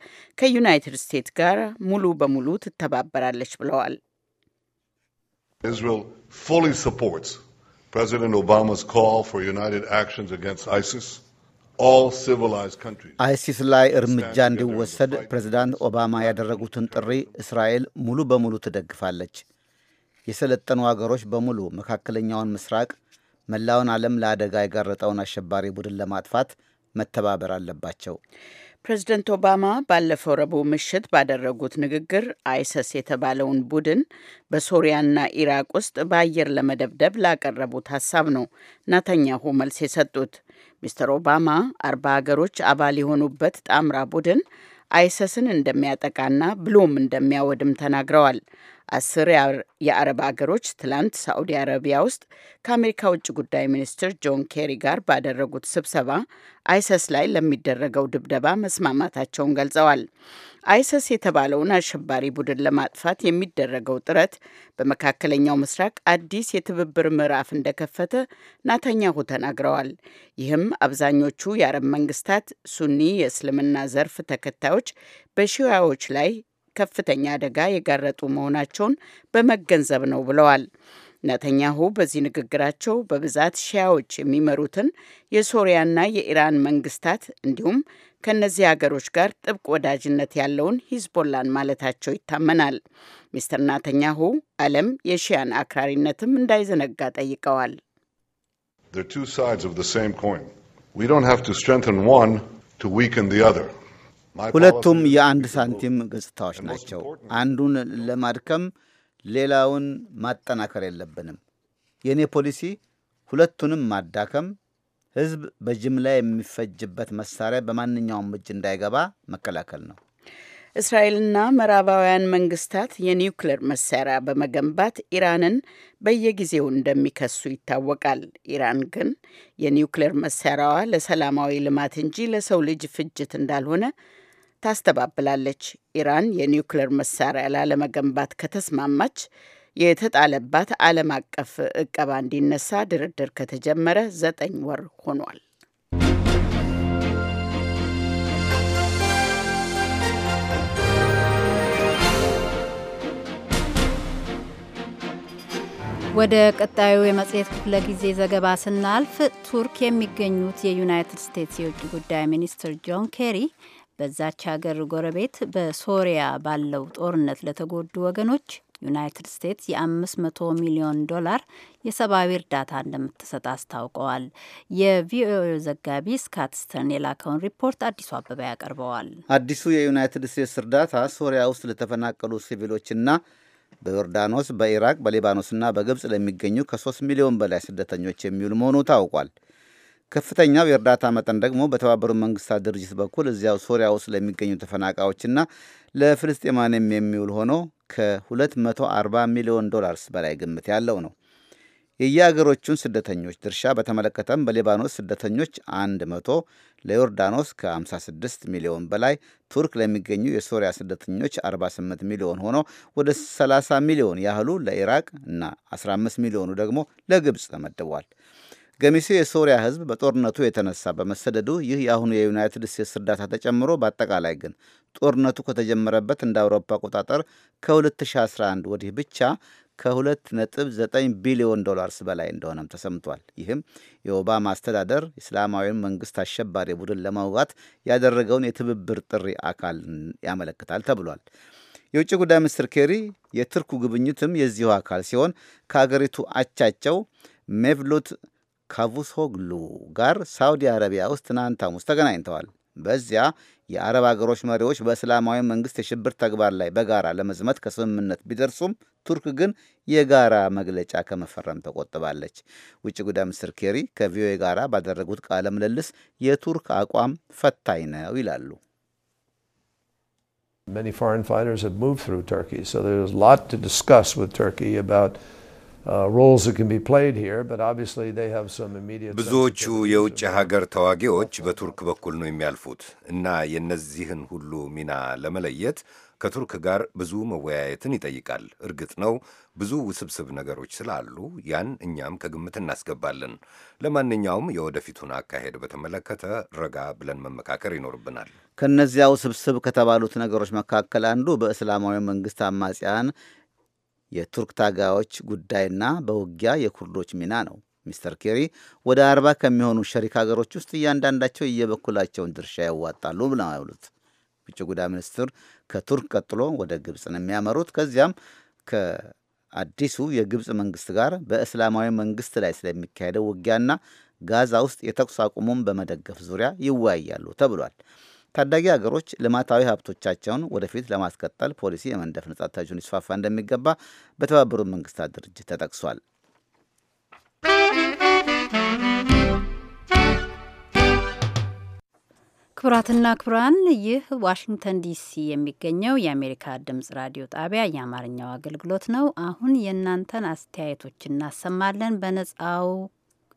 Speaker 7: ከዩናይትድ ስቴትስ ጋር ሙሉ በሙሉ ትተባበራለች ብለዋል።
Speaker 8: Israel fully supports President Obama's call for united actions against ISIS.
Speaker 2: አይሲስ ላይ እርምጃ እንዲወሰድ ፕሬዚዳንት ኦባማ ያደረጉትን ጥሪ እስራኤል ሙሉ በሙሉ ትደግፋለች። የሰለጠኑ አገሮች በሙሉ መካከለኛውን ምስራቅ መላውን ዓለም ለአደጋ የጋረጠውን አሸባሪ ቡድን ለማጥፋት መተባበር አለባቸው።
Speaker 7: ፕሬዝደንት ኦባማ ባለፈው ረቡዕ ምሽት ባደረጉት ንግግር አይሰስ የተባለውን ቡድን በሶሪያና ኢራቅ ውስጥ በአየር ለመደብደብ ላቀረቡት ሀሳብ ነው ናታንያሁ መልስ የሰጡት። ሚስተር ኦባማ አርባ ሀገሮች አባል የሆኑበት ጣምራ ቡድን አይሰስን እንደሚያጠቃና ብሎም እንደሚያወድም ተናግረዋል። አስር የአረብ አገሮች ትላንት ሳዑዲ አረቢያ ውስጥ ከአሜሪካ ውጭ ጉዳይ ሚኒስትር ጆን ኬሪ ጋር ባደረጉት ስብሰባ አይሰስ ላይ ለሚደረገው ድብደባ መስማማታቸውን ገልጸዋል። አይሰስ የተባለውን አሸባሪ ቡድን ለማጥፋት የሚደረገው ጥረት በመካከለኛው ምስራቅ አዲስ የትብብር ምዕራፍ እንደከፈተ ናታኛሁ ተናግረዋል። ይህም አብዛኞቹ የአረብ መንግስታት ሱኒ የእስልምና ዘርፍ ተከታዮች በሺያዎች ላይ ከፍተኛ አደጋ የጋረጡ መሆናቸውን በመገንዘብ ነው ብለዋል። ነተኛሁ በዚህ ንግግራቸው በብዛት ሺያዎች የሚመሩትን የሶሪያና የኢራን መንግስታት እንዲሁም ከእነዚህ ሀገሮች ጋር ጥብቅ ወዳጅነት ያለውን ሂዝቦላን ማለታቸው ይታመናል። ሚስተር ናተኛሁ ዓለም የሺያን አክራሪነትም እንዳይዘነጋ ጠይቀዋል።
Speaker 2: They're ሳይድስ ኦፍ ዘ ሴም ኮይን ዊ ዶንት ሃቭ ቱ to ዋን ቱ to ዘ አዘር ሁለቱም የአንድ ሳንቲም ገጽታዎች ናቸው። አንዱን ለማድከም ሌላውን ማጠናከር የለብንም። የእኔ ፖሊሲ ሁለቱንም ማዳከም፣ ሕዝብ በጅምላ የሚፈጅበት መሳሪያ በማንኛውም እጅ እንዳይገባ መከላከል ነው።
Speaker 7: እስራኤልና ምዕራባውያን መንግስታት የኒውክሌር መሳሪያ በመገንባት ኢራንን በየጊዜው እንደሚከሱ ይታወቃል። ኢራን ግን የኒውክሌር መሳሪያዋ ለሰላማዊ ልማት እንጂ ለሰው ልጅ ፍጅት እንዳልሆነ ታስተባብላለች። ኢራን የኒውክሌር መሳሪያ ላለመገንባት ከተስማማች የተጣለባት ዓለም አቀፍ እቀባ እንዲነሳ ድርድር ከተጀመረ ዘጠኝ ወር ሆኗል።
Speaker 1: ወደ ቀጣዩ የመጽሔት ክፍለ ጊዜ ዘገባ ስናልፍ ቱርክ የሚገኙት የዩናይትድ ስቴትስ የውጭ ጉዳይ ሚኒስትር ጆን ኬሪ በዛች ሀገር ጎረቤት በሶሪያ ባለው ጦርነት ለተጎዱ ወገኖች ዩናይትድ ስቴትስ የ500 ሚሊዮን ዶላር የሰብአዊ እርዳታ እንደምትሰጥ አስታውቀዋል። የቪኦኤ ዘጋቢ ስካት ስተርን የላከውን ሪፖርት አዲሱ አበባ ያቀርበዋል።
Speaker 2: አዲሱ የዩናይትድ ስቴትስ እርዳታ ሶሪያ ውስጥ ለተፈናቀሉ ሲቪሎችና በዮርዳኖስ፣ በኢራቅ፣ በሊባኖስና በግብፅ ለሚገኙ ከ3 ሚሊዮን በላይ ስደተኞች የሚውል መሆኑ ታውቋል። ከፍተኛው የእርዳታ መጠን ደግሞ በተባበሩት መንግስታት ድርጅት በኩል እዚያው ሶሪያ ውስጥ ለሚገኙ ተፈናቃዮችና ለፍልስጤማንም የሚውል ሆኖ ከ240 ሚሊዮን ዶላርስ በላይ ግምት ያለው ነው። የየአገሮቹን ስደተኞች ድርሻ በተመለከተም በሊባኖስ ስደተኞች 100፣ ለዮርዳኖስ ከ56 ሚሊዮን በላይ፣ ቱርክ ለሚገኙ የሶሪያ ስደተኞች 48 ሚሊዮን ሆኖ ወደ 30 ሚሊዮን ያህሉ ለኢራቅ እና 15 ሚሊዮኑ ደግሞ ለግብፅ ተመድቧል። ገሚሴ የሶሪያ ህዝብ በጦርነቱ የተነሳ በመሰደዱ ይህ የአሁኑ የዩናይትድ ስቴትስ እርዳታ ተጨምሮ በአጠቃላይ ግን ጦርነቱ ከተጀመረበት እንደ አውሮፓ አቆጣጠር ከ2011 ወዲህ ብቻ ከ2.9 ቢሊዮን ዶላርስ በላይ እንደሆነም ተሰምቷል። ይህም የኦባማ አስተዳደር እስላማዊ መንግስት አሸባሪ ቡድን ለማውጋት ያደረገውን የትብብር ጥሪ አካል ያመለክታል ተብሏል። የውጭ ጉዳይ ሚኒስትር ኬሪ የትርኩ ጉብኝትም የዚሁ አካል ሲሆን ከአገሪቱ አቻቸው ሜቭሉት ካቩሶግሉ ጋር ሳውዲ አረቢያ ውስጥ ትናንት ሐሙስ ተገናኝተዋል። በዚያ የአረብ አገሮች መሪዎች በእስላማዊ መንግስት የሽብር ተግባር ላይ በጋራ ለመዝመት ከስምምነት ቢደርሱም ቱርክ ግን የጋራ መግለጫ ከመፈረም ተቆጥባለች። ውጭ ጉዳይ ሚኒስትር ኬሪ ከቪኦኤ ጋራ ባደረጉት ቃለ ምልልስ የቱርክ አቋም ፈታኝ ነው ይላሉ።
Speaker 4: Many foreign fighters have moved through Turkey, so there's a lot to discuss with Turkey about Uh,
Speaker 8: ብዙዎቹ የውጭ ሀገር ተዋጊዎች በቱርክ በኩል ነው የሚያልፉት እና የእነዚህን ሁሉ ሚና ለመለየት ከቱርክ ጋር ብዙ መወያየትን ይጠይቃል። እርግጥ ነው ብዙ ውስብስብ ነገሮች ስላሉ ያን እኛም ከግምት እናስገባለን። ለማንኛውም የወደፊቱን አካሄድ በተመለከተ ረጋ ብለን
Speaker 2: መመካከር ይኖርብናል። ከእነዚያ ውስብስብ ከተባሉት ነገሮች መካከል አንዱ በእስላማዊ መንግስት አማጽያን የቱርክ ታጋዮች ጉዳይና በውጊያ የኩርዶች ሚና ነው። ሚስተር ኬሪ ወደ አርባ ከሚሆኑ ሸሪክ ሀገሮች ውስጥ እያንዳንዳቸው እየበኩላቸውን ድርሻ ያዋጣሉ ብለው ያሉት ውጭ ጉዳይ ሚኒስትር ከቱርክ ቀጥሎ ወደ ግብፅ ነው የሚያመሩት። ከዚያም ከአዲሱ የግብፅ መንግስት ጋር በእስላማዊ መንግስት ላይ ስለሚካሄደው ውጊያና ጋዛ ውስጥ የተኩስ አቁሙን በመደገፍ ዙሪያ ይወያያሉ ተብሏል። ታዳጊ ሀገሮች ልማታዊ ሀብቶቻቸውን ወደፊት ለማስቀጠል ፖሊሲ የመንደፍ ነጻታቸውን ሊስፋፋ እንደሚገባ በተባበሩት መንግስታት ድርጅት ተጠቅሷል።
Speaker 1: ክቡራትና ክቡራን ይህ ዋሽንግተን ዲሲ የሚገኘው የአሜሪካ ድምጽ ራዲዮ ጣቢያ የአማርኛው አገልግሎት ነው። አሁን የእናንተን አስተያየቶች እናሰማለን። በነጻው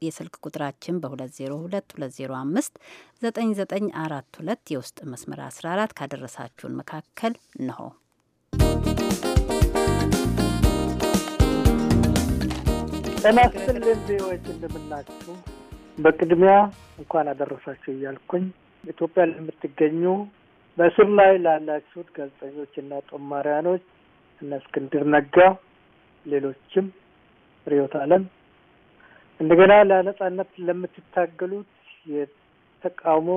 Speaker 1: የስልክ ቁጥራችን በ2022059942 የውስጥ መስመር 14 ካደረሳችሁን መካከል እንሆ። ጤና ይስጥልን
Speaker 9: እንደምናችሁ። በቅድሚያ እንኳን አደረሳችሁ እያልኩኝ ኢትዮጵያ ለምትገኙ በእስር ላይ ላላችሁት ጋዜጠኞችና ጦማሪያኖች እነ እስክንድር ነጋ፣ ሌሎችም ርዕዮተ ዓለም እንደገና ለነጻነት ለምትታገሉት የተቃውሞ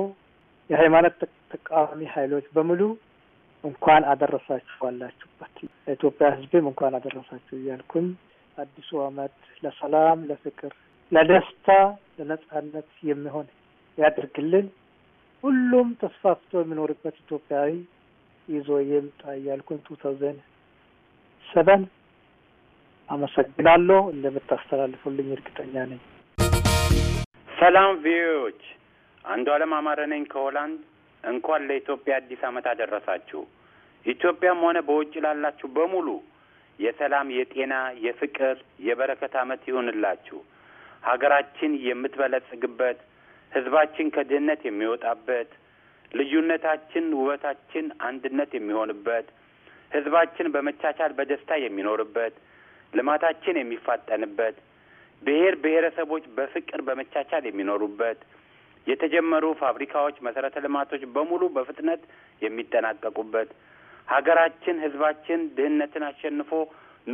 Speaker 9: የሃይማኖት ተቃዋሚ ሀይሎች በሙሉ እንኳን አደረሳችሁ አላችሁበት። ለኢትዮጵያ ሕዝብም እንኳን አደረሳችሁ እያልኩኝ አዲሱ ዓመት ለሰላም፣ ለፍቅር፣ ለደስታ፣ ለነጻነት የሚሆን ያድርግልን። ሁሉም ተስፋፍቶ የሚኖርበት ኢትዮጵያዊ ይዞ የምጣ እያልኩኝ ቱ ታውዘንድ አመሰግናለሁ። እንደምታስተላልፉልኝ
Speaker 3: እርግጠኛ ነኝ። ሰላም ቪዮዎች፣ አንዱ አለም አማረ ነኝ ከሆላንድ። እንኳን ለኢትዮጵያ አዲስ አመት አደረሳችሁ። ኢትዮጵያም ሆነ በውጭ ላላችሁ በሙሉ የሰላም፣ የጤና፣ የፍቅር፣ የበረከት አመት ይሁንላችሁ። ሀገራችን የምትበለጽግበት፣ ህዝባችን ከድህነት የሚወጣበት፣ ልዩነታችን ውበታችን አንድነት የሚሆንበት፣ ህዝባችን በመቻቻል በደስታ የሚኖርበት ልማታችን የሚፋጠንበት ብሔር ብሔረሰቦች በፍቅር በመቻቻል የሚኖሩበት የተጀመሩ ፋብሪካዎች፣ መሰረተ ልማቶች በሙሉ በፍጥነት የሚጠናቀቁበት ሀገራችን ህዝባችን ድህነትን አሸንፎ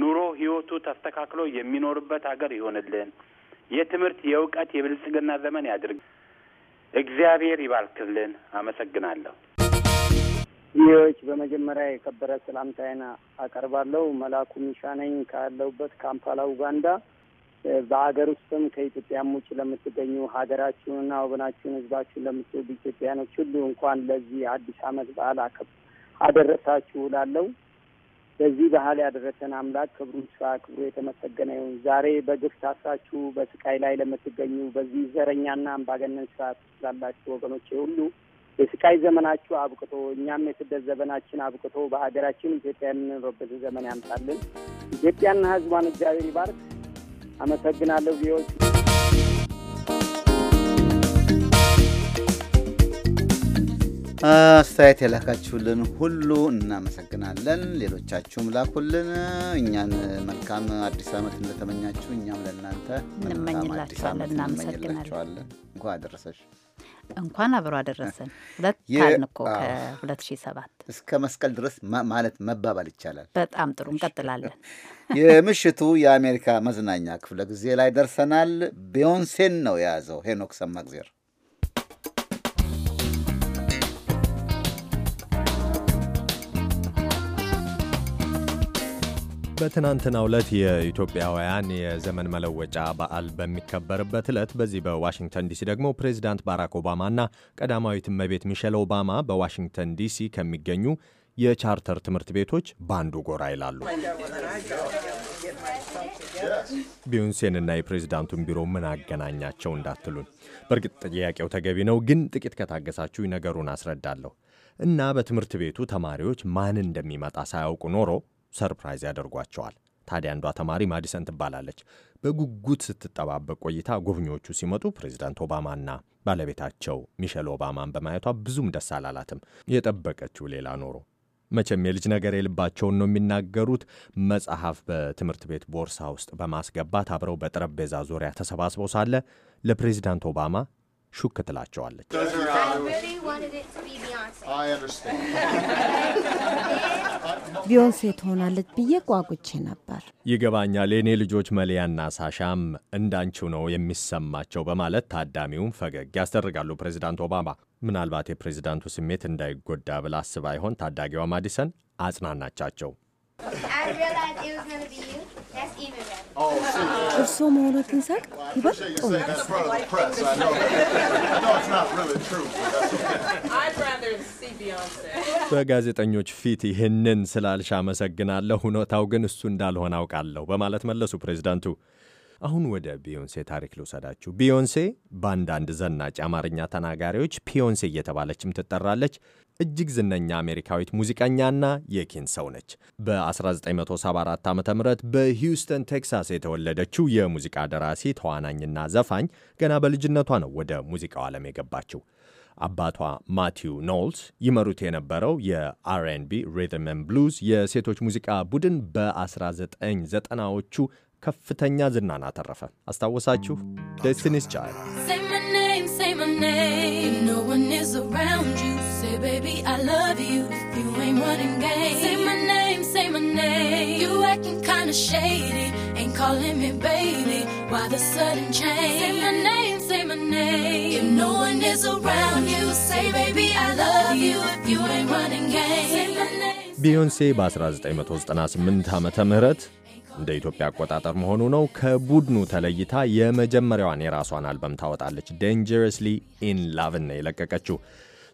Speaker 3: ኑሮ ህይወቱ ተስተካክሎ የሚኖርበት ሀገር ይሆንልን። የትምህርት የእውቀት የብልጽግና ዘመን ያድርግ። እግዚአብሔር ይባርክልን። አመሰግናለሁ።
Speaker 9: ቪዲዮዎች በመጀመሪያ የከበረ ሰላምታዬን
Speaker 3: አቀርባለሁ። መላኩ ሚሻ ነኝ ካለሁበት ካምፓላ ኡጋንዳ። በሀገር ውስጥም ከኢትዮጵያም ውጭ ለምትገኙ ሀገራችሁንና ወገናችሁን ህዝባችሁን ለምትወዱ ኢትዮጵያኖች
Speaker 9: ሁሉ እንኳን ለዚህ አዲስ ዓመት በዓል
Speaker 7: አደረሳችሁ
Speaker 9: እላለሁ። በዚህ ባህል ያደረሰን አምላክ ክብሩ ስራ ክብሩ የተመሰገነ ይሁን። ዛሬ በግፍ ታስራችሁ በስቃይ ላይ ለምትገኙ በዚህ ዘረኛና አምባገነን ስርዓት ላላችሁ ወገኖቼ ሁሉ የስቃይ ዘመናችሁ አብቅቶ እኛም የስደት ዘመናችን አብቅቶ በሀገራችን ኢትዮጵያ የምንኖርበት ዘመን ያምጣልን። ኢትዮጵያና ሕዝቧን እግዚአብሔር ይባርክ። አመሰግናለሁ።
Speaker 2: ዜዎች አስተያየት የላካችሁልን ሁሉ እናመሰግናለን። ሌሎቻችሁም ላኩልን። እኛን መልካም አዲስ ዓመት እንደተመኛችሁ እኛም ለእናንተ መልካም እናመሰግናለን። እንኳ አደረሰሽ።
Speaker 1: እንኳን አብሮ አደረሰን። ሁለት ካልን እኮ ከ2007
Speaker 2: እስከ መስቀል ድረስ ማለት መባባል ይቻላል።
Speaker 1: በጣም ጥሩ እንቀጥላለን።
Speaker 2: የምሽቱ የአሜሪካ መዝናኛ ክፍለ ጊዜ ላይ ደርሰናል። ቢዮንሴን ነው የያዘው ሄኖክ ሰማግዜር
Speaker 6: በትናንትናው ዕለት የኢትዮጵያውያን የዘመን መለወጫ በዓል በሚከበርበት ዕለት በዚህ በዋሽንግተን ዲሲ ደግሞ ፕሬዚዳንት ባራክ ኦባማና ቀዳማዊት እመቤት ሚሼል ኦባማ በዋሽንግተን ዲሲ ከሚገኙ የቻርተር ትምህርት ቤቶች በአንዱ ጎራ ይላሉ። ቢዮንሴንና የፕሬዚዳንቱን ቢሮ ምን አገናኛቸው እንዳትሉን፣ በእርግጥ ጥያቄው ተገቢ ነው፣ ግን ጥቂት ከታገሳችሁ ነገሩን አስረዳለሁ እና በትምህርት ቤቱ ተማሪዎች ማን እንደሚመጣ ሳያውቁ ኖሮ ሰርፕራይዝ ያደርጓቸዋል። ታዲያ አንዷ ተማሪ ማዲሰን ትባላለች። በጉጉት ስትጠባበቅ ቆይታ ጎብኚዎቹ ሲመጡ ፕሬዚዳንት ኦባማና ባለቤታቸው ሚሸል ኦባማን በማየቷ ብዙም ደስ አላላትም። የጠበቀችው ሌላ ኖሮ መቼም የልጅ ነገር የልባቸውን ነው የሚናገሩት። መጽሐፍ በትምህርት ቤት ቦርሳ ውስጥ በማስገባት አብረው በጠረጴዛ ዙሪያ ተሰባስበው ሳለ ለፕሬዚዳንት ኦባማ ሹክ ትላቸዋለች።
Speaker 4: ቢዮንሴ
Speaker 7: ትሆናለች ብዬ ጓጉቼ ነበር።
Speaker 6: ይገባኛል፣ የእኔ ልጆች መሊያና ሳሻም እንዳንቺው ነው የሚሰማቸው በማለት ታዳሚውን ፈገግ ያስደርጋሉ። ፕሬዚዳንት ኦባማ ምናልባት የፕሬዚዳንቱ ስሜት እንዳይጎዳ ብላ አስባ ይሆን? ታዳጊዋ ማዲሰን አጽናናቻቸው።
Speaker 1: እርሶ መሆኖትን ሳቅ ይበልጥ
Speaker 6: በጋዜጠኞች ፊት ይህንን ስላልሽ አመሰግናለሁ፣ ሁኔታው ግን እሱ እንዳልሆነ አውቃለሁ በማለት መለሱ ፕሬዚዳንቱ። አሁን ወደ ቢዮንሴ ታሪክ ልውሰዳችሁ። ቢዮንሴ በአንዳንድ ዘናጭ አማርኛ ተናጋሪዎች ፒዮንሴ እየተባለችም ትጠራለች። እጅግ ዝነኛ አሜሪካዊት ሙዚቀኛና የኪን ሰው ነች። በ1974 ዓ ም በሂውስተን ቴክሳስ የተወለደችው የሙዚቃ ደራሲ ተዋናኝና ዘፋኝ ገና በልጅነቷ ነው ወደ ሙዚቃው ዓለም የገባችው። አባቷ ማቲው ኖልስ ይመሩት የነበረው የአርኤንቢ ሪትም ብሉዝ የሴቶች ሙዚቃ ቡድን በ1990ዎቹ ከፍተኛ ዝናን አተረፈ። አስታወሳችሁ? ደስቲኒስ ቻይልድ
Speaker 7: no one is around you. Say baby, I love you. same running game. Say my name, say my
Speaker 1: name. You acting kinda shady, ain't calling me baby. Why the sudden change? Say my name, say my name. If no one is around you, say
Speaker 4: baby I love you. If you ain't running game, say my
Speaker 6: name. ቢዮንሴ በ1998 ዓመተ ምህረት እንደ ኢትዮጵያ አቆጣጠር መሆኑ ነው ከቡድኑ ተለይታ የመጀመሪያዋን የራሷን አልበም ታወጣለች። ዴንጀረስሊ ኢን ላቭን ነው የለቀቀችው።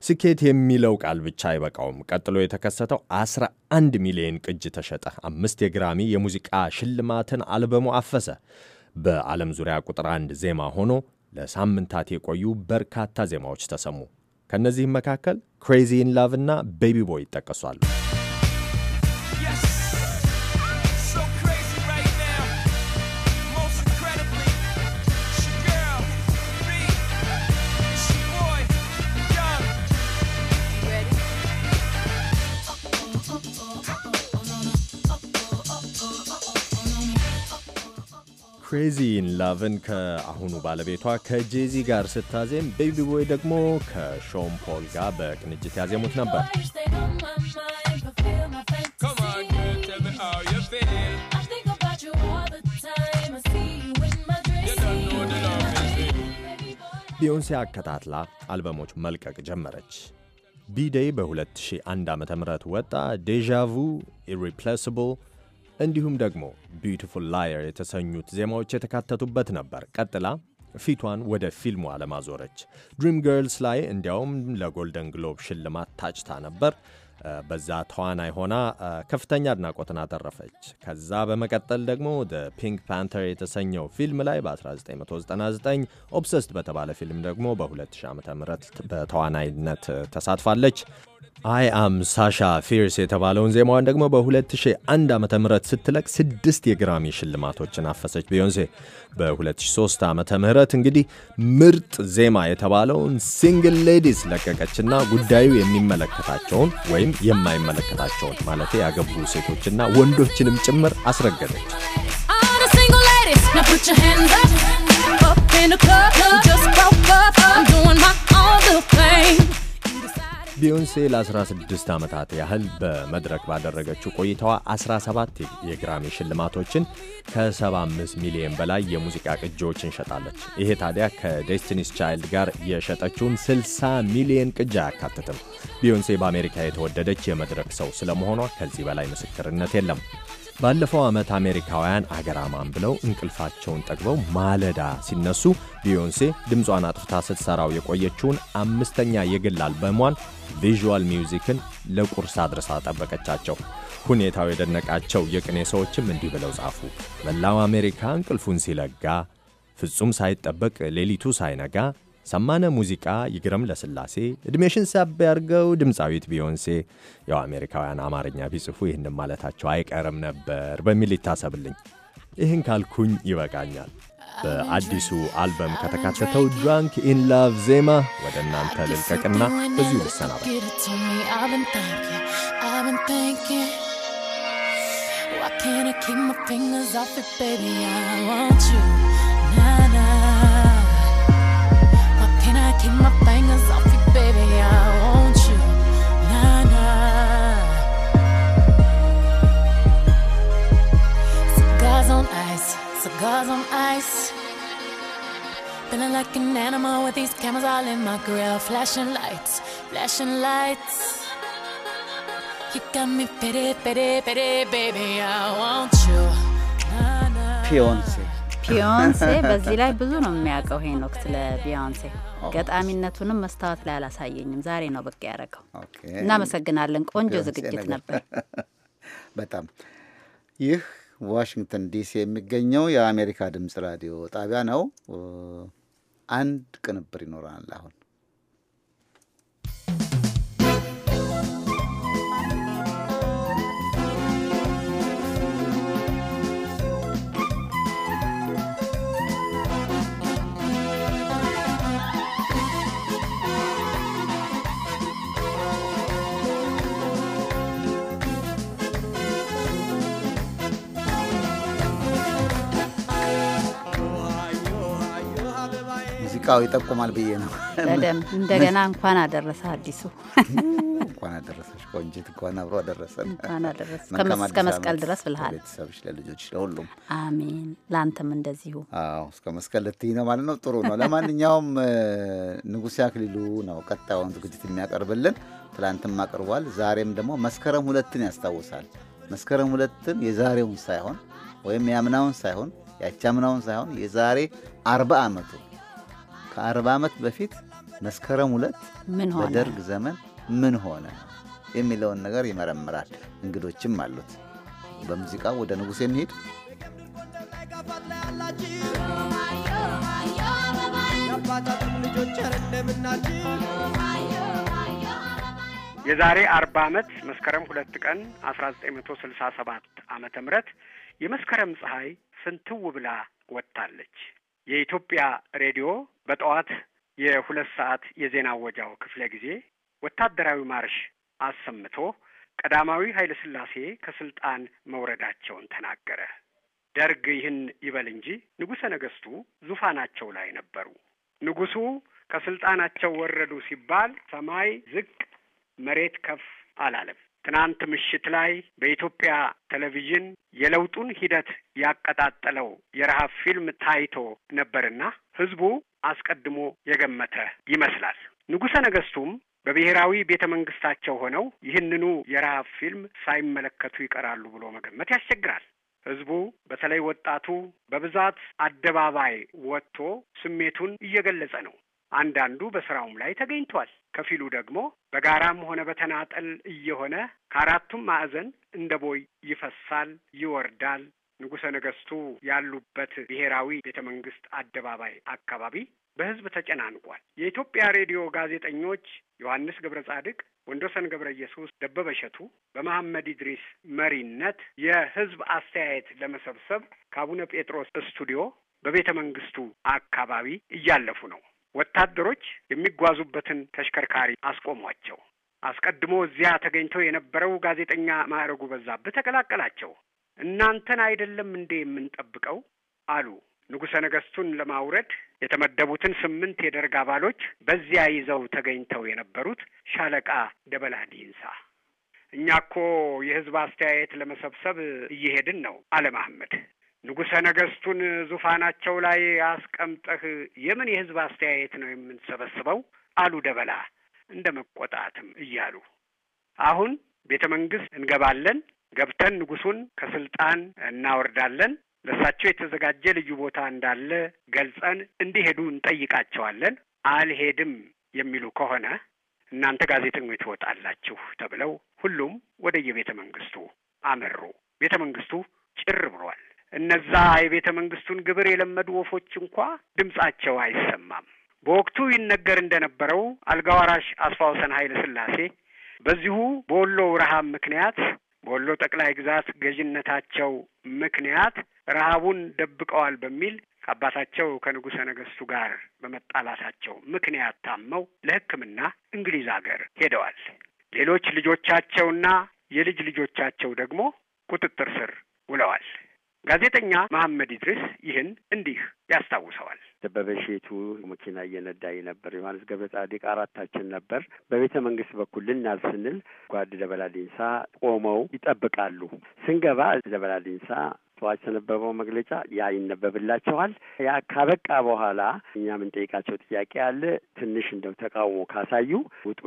Speaker 6: ስኬት የሚለው ቃል ብቻ አይበቃውም። ቀጥሎ የተከሰተው 11 ሚሊዮን ቅጅ ተሸጠ። አምስት የግራሚ የሙዚቃ ሽልማትን አልበሙ አፈሰ። በዓለም ዙሪያ ቁጥር አንድ ዜማ ሆኖ ለሳምንታት የቆዩ በርካታ ዜማዎች ተሰሙ። ከእነዚህም መካከል ክሬዚ ኢን ላቭ እና ቤቢ ቦይ ይጠቀሷሉ። ክሬዚ ኢን ላቭን ከአሁኑ ባለቤቷ ከጄዚ ጋር ስታዜም ቤቢ ቦይ ደግሞ ከሾን ፖል ጋር በቅንጅት ያዜሙት ነበር። ቢዮንሴ አከታትላ አልበሞች መልቀቅ ጀመረች። ቢዴይ በ2001 ዓ ም ወጣ። ዴዣ ኢሪፕሌስብል እንዲሁም ደግሞ ቢዩቲፉል ላየር የተሰኙት ዜማዎች የተካተቱበት ነበር። ቀጥላ ፊቷን ወደ ፊልሙ ዓለም አዞረች። ድሪም ገርልስ ላይ እንዲያውም ለጎልደን ግሎብ ሽልማት ታጭታ ነበር። በዛ ተዋናይ ሆና ከፍተኛ አድናቆትን አተረፈች። ከዛ በመቀጠል ደግሞ ደ ፒንክ ፓንተር የተሰኘው ፊልም ላይ በ1999 ኦብሰስድ በተባለ ፊልም ደግሞ በ2000 ዓ ም በተዋናይነት ተሳትፋለች። አይ አም ሳሻ ፊርስ የተባለውን ዜማዋን ደግሞ በ2001 ዓ ም ስትለቅ ስድስት የግራሚ ሽልማቶችን አፈሰች ቢዮንሴ። በ2003 ዓ ም እንግዲህ ምርጥ ዜማ የተባለውን ሲንግል ሌዲስ ለቀቀችና ጉዳዩ የሚመለከታቸውን ወይም የማይመለከታቸውን ማለት ያገቡ ሴቶችና ወንዶችንም ጭምር አስረገጠች። ቢዮንሴ ለ16 ዓመታት ያህል በመድረክ ባደረገችው ቆይታዋ 17 የግራሚ ሽልማቶችን ከ75 ሚሊዮን በላይ የሙዚቃ ቅጂዎችን ሸጣለች። ይሄ ታዲያ ከዴስቲኒስ ቻይልድ ጋር የሸጠችውን 60 ሚሊዮን ቅጂ አያካትትም። ቢዮንሴ በአሜሪካ የተወደደች የመድረክ ሰው ስለመሆኗ ከዚህ በላይ ምስክርነት የለም። ባለፈው ዓመት አሜሪካውያን አገራማን ብለው እንቅልፋቸውን ጠግበው ማለዳ ሲነሱ ቢዮንሴ ድምጿን አጥፍታ ስትሰራው የቆየችውን አምስተኛ የግል አልበሟን ቪዥዋል ሚውዚክን ለቁርስ አድርሳ ጠበቀቻቸው። ሁኔታው የደነቃቸው የቅኔ ሰዎችም እንዲህ ብለው ጻፉ። መላው አሜሪካ እንቅልፉን ሲለጋ፣ ፍጹም ሳይጠበቅ ሌሊቱ ሳይነጋ ሰማነ ሙዚቃ ይግረም ለስላሴ፣ ዕድሜሽን ሳብ ያርገው፣ ድምፃዊት ቢዮንሴ ያው አሜሪካውያን አማርኛ ቢጽፉ ይህን ማለታቸው አይቀርም ነበር በሚል ይታሰብልኝ። ይህን ካልኩኝ ይበቃኛል። በአዲሱ አልበም ከተካተተው ድራንክ ኢን ላቭ ዜማ ወደ እናንተ ልልቀቅና በዚሁ ልሰናበት።
Speaker 7: cars on ice. Feeling like an animal with these cameras all in my grill. Flashing lights, flashing lights. You got me pity, pity, pity, baby, I want you.
Speaker 2: ፒዮንሴ ፒዮንሴ በዚህ ላይ
Speaker 1: ብዙ ነው የሚያውቀው ሄኖክ ስለ ቢዮንሴ ገጣሚነቱንም መስታወት ላይ አላሳየኝም። ዛሬ ነው ብቅ ያደረገው።
Speaker 2: እናመሰግናለን።
Speaker 1: ቆንጆ ዝግጅት ነበር
Speaker 2: በጣም ይህ ዋሽንግተን ዲሲ የሚገኘው የአሜሪካ ድምፅ ራዲዮ ጣቢያ ነው። አንድ ቅንብር ይኖረናል አሁን ሙዚቃው ይጠቁማል ብዬ ነው። በደንብ እንደገና
Speaker 1: እንኳን አደረሰ አዲሱ፣
Speaker 2: እንኳን አደረሰች ቆንጂት፣ እንኳን አብሮ አደረሰ፣ እንኳን አደረሰ እስከ መስቀል ድረስ ብልሃል። ቤተሰብሽ፣ ለልጆች፣ ለሁሉም
Speaker 1: አሜን። ለአንተም እንደዚሁ።
Speaker 2: አዎ እስከ መስቀል ልትይ ነው ማለት ነው። ጥሩ ነው። ለማንኛውም ንጉሴ አክሊሉ ነው ቀጣዩን ዝግጅት የሚያቀርብልን። ትላንትም አቅርቧል። ዛሬም ደግሞ መስከረም ሁለትን ያስታውሳል። መስከረም ሁለትን የዛሬውን ሳይሆን ወይም የአምናውን ሳይሆን ያቻምናውን ሳይሆን የዛሬ አርባ ዓመቱ ከአርባ ዓመት በፊት መስከረም ሁለት ምን ሆነ በደርግ ዘመን ምን ሆነ የሚለውን ነገር ይመረምራል። እንግዶችም አሉት። በሙዚቃ ወደ ንጉሴ እንሄድ።
Speaker 9: የዛሬ አርባ ዓመት መስከረም ሁለት ቀን አስራ ዘጠኝ መቶ ስልሳ ሰባት ዓመተ ምህረት የመስከረም ፀሐይ ፍንትው ብላ ወጥታለች። የኢትዮጵያ ሬዲዮ በጠዋት የሁለት ሰዓት የዜና ወጃው ክፍለ ጊዜ ወታደራዊ ማርሽ አሰምቶ ቀዳማዊ ኃይለ ሥላሴ ከስልጣን መውረዳቸውን ተናገረ። ደርግ ይህን ይበል እንጂ ንጉሠ ነገሥቱ ዙፋናቸው ላይ ነበሩ። ንጉሡ ከስልጣናቸው ወረዱ ሲባል ሰማይ ዝቅ መሬት ከፍ አላለም። ትናንት ምሽት ላይ በኢትዮጵያ ቴሌቪዥን የለውጡን ሂደት ያቀጣጠለው የረሃብ ፊልም ታይቶ ነበርና ህዝቡ አስቀድሞ የገመተ ይመስላል። ንጉሠ ነገሥቱም በብሔራዊ ቤተ መንግስታቸው ሆነው ይህንኑ የረሃብ ፊልም ሳይመለከቱ ይቀራሉ ብሎ መገመት ያስቸግራል። ህዝቡ በተለይ ወጣቱ በብዛት አደባባይ ወጥቶ ስሜቱን እየገለጸ ነው። አንዳንዱ በስራውም ላይ ተገኝቷል። ከፊሉ ደግሞ በጋራም ሆነ በተናጠል እየሆነ ከአራቱም ማዕዘን እንደ ቦይ ይፈሳል፣ ይወርዳል። ንጉሠ ነገሥቱ ያሉበት ብሔራዊ ቤተ መንግስት አደባባይ አካባቢ በህዝብ ተጨናንቋል። የኢትዮጵያ ሬዲዮ ጋዜጠኞች ዮሐንስ ገብረ ጻድቅ፣ ወንዶሰን ገብረ ኢየሱስ፣ ደበበ እሸቱ በመሐመድ ኢድሪስ መሪነት የህዝብ አስተያየት ለመሰብሰብ ከአቡነ ጴጥሮስ ስቱዲዮ በቤተ መንግስቱ አካባቢ እያለፉ ነው። ወታደሮች የሚጓዙበትን ተሽከርካሪ አስቆሟቸው። አስቀድሞ እዚያ ተገኝተው የነበረው ጋዜጠኛ ማዕረጉ በዛብህ ተቀላቀላቸው። እናንተን አይደለም እንዴ የምንጠብቀው አሉ። ንጉሠ ነገሥቱን ለማውረድ የተመደቡትን ስምንት የደርግ አባሎች በዚያ ይዘው ተገኝተው የነበሩት ሻለቃ ደበላ ዲንሳ፣ እኛ እኮ የህዝብ አስተያየት ለመሰብሰብ እየሄድን ነው አለ መሐመድ። ንጉሠ ነገሥቱን ዙፋናቸው ላይ አስቀምጠህ የምን የሕዝብ አስተያየት ነው የምንሰበስበው? አሉ ደበላ እንደ መቆጣትም እያሉ። አሁን ቤተ መንግስት እንገባለን፣ ገብተን ንጉሡን ከስልጣን እናወርዳለን። ለእሳቸው የተዘጋጀ ልዩ ቦታ እንዳለ ገልጸን እንዲሄዱ እንጠይቃቸዋለን። አልሄድም የሚሉ ከሆነ እናንተ ጋዜጠኞች ትወጣላችሁ ተብለው ሁሉም ወደየቤተ መንግስቱ አመሩ። ቤተ መንግስቱ ጭር ብሏል። እነዛ የቤተ መንግስቱን ግብር የለመዱ ወፎች እንኳ ድምጻቸው አይሰማም። በወቅቱ ይነገር እንደነበረው አልጋ አስፋውሰን አስፋ ወሰን ኃይለ ሥላሴ በዚሁ በወሎ ረሃብ ምክንያት በወሎ ጠቅላይ ግዛት ገዥነታቸው ምክንያት ረሃቡን ደብቀዋል በሚል ከአባታቸው ከንጉሠ ነገሥቱ ጋር በመጣላታቸው ምክንያት ታመው ለሕክምና እንግሊዝ አገር ሄደዋል። ሌሎች ልጆቻቸውና የልጅ ልጆቻቸው ደግሞ ቁጥጥር ስር ውለዋል። ጋዜጠኛ መሐመድ ኢድሪስ ይህን እንዲህ ያስታውሰዋል።
Speaker 5: ደበበ መኪና እየነዳ ነበር። ዮሐንስ ገብረ ጻዲቅ አራታችን ነበር። በቤተ መንግስት በኩል ልናልፍ ስንል ጓድ ደበላ ዲንሳ ቆመው ይጠብቃሉ። ስንገባ ደበላ ዲንሳ ጠዋት የነበበው መግለጫ ያ ይነበብላቸዋል። ያ ካበቃ በኋላ እኛ የምንጠይቃቸው ጥያቄ አለ። ትንሽ እንደው ተቃውሞ ካሳዩ ውጡ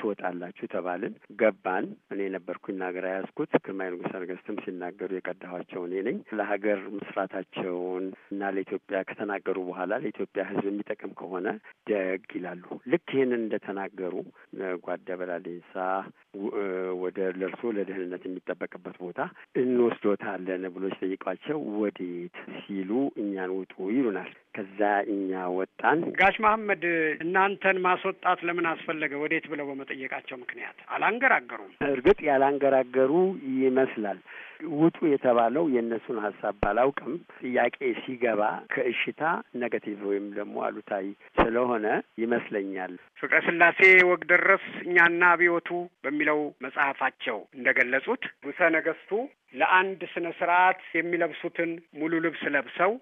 Speaker 5: ትወጣላችሁ ተባልን። ገባን። እኔ ነበርኩኝ ሀገር ያዝኩት። ግርማዊ ንጉሠ ነገሥትም ሲናገሩ የቀዳኋቸው እኔ ነኝ። ለሀገር ምስራታቸውን እና ለኢትዮጵያ ከተናገሩ በኋላ ለኢትዮጵያ ሕዝብ የሚጠቅም ከሆነ ደግ ይላሉ። ልክ ይህንን እንደተናገሩ ጓዳ ወደ ለእርሶ ለደህንነት የሚጠበቅበት ቦታ እንወስዶታለን ብሎ ስንጠይቋቸው ወዴት ሲሉ እኛን ውጡ ይሉናል። ከዛ እኛ ወጣን።
Speaker 9: ጋሽ መሐመድ እናንተን ማስወጣት ለምን አስፈለገ ወዴት ብለው በመጠየቃቸው ምክንያት አላንገራገሩም?
Speaker 5: እርግጥ ያላንገራገሩ ይመስላል። ውጡ የተባለው የእነሱን ሀሳብ ባላውቅም ጥያቄ ሲገባ ከእሽታ ነገቲቭ ወይም ደግሞ አሉታዊ ስለሆነ ይመስለኛል።
Speaker 9: ፍቅረ ስላሴ ወግደረስ እኛና አብዮቱ በሚለው መጽሐፋቸው እንደገለጹት ንጉሠ ነገሥቱ ለአንድ ስነ ስርዓት የሚለብሱትን ሙሉ ልብስ ለብሰው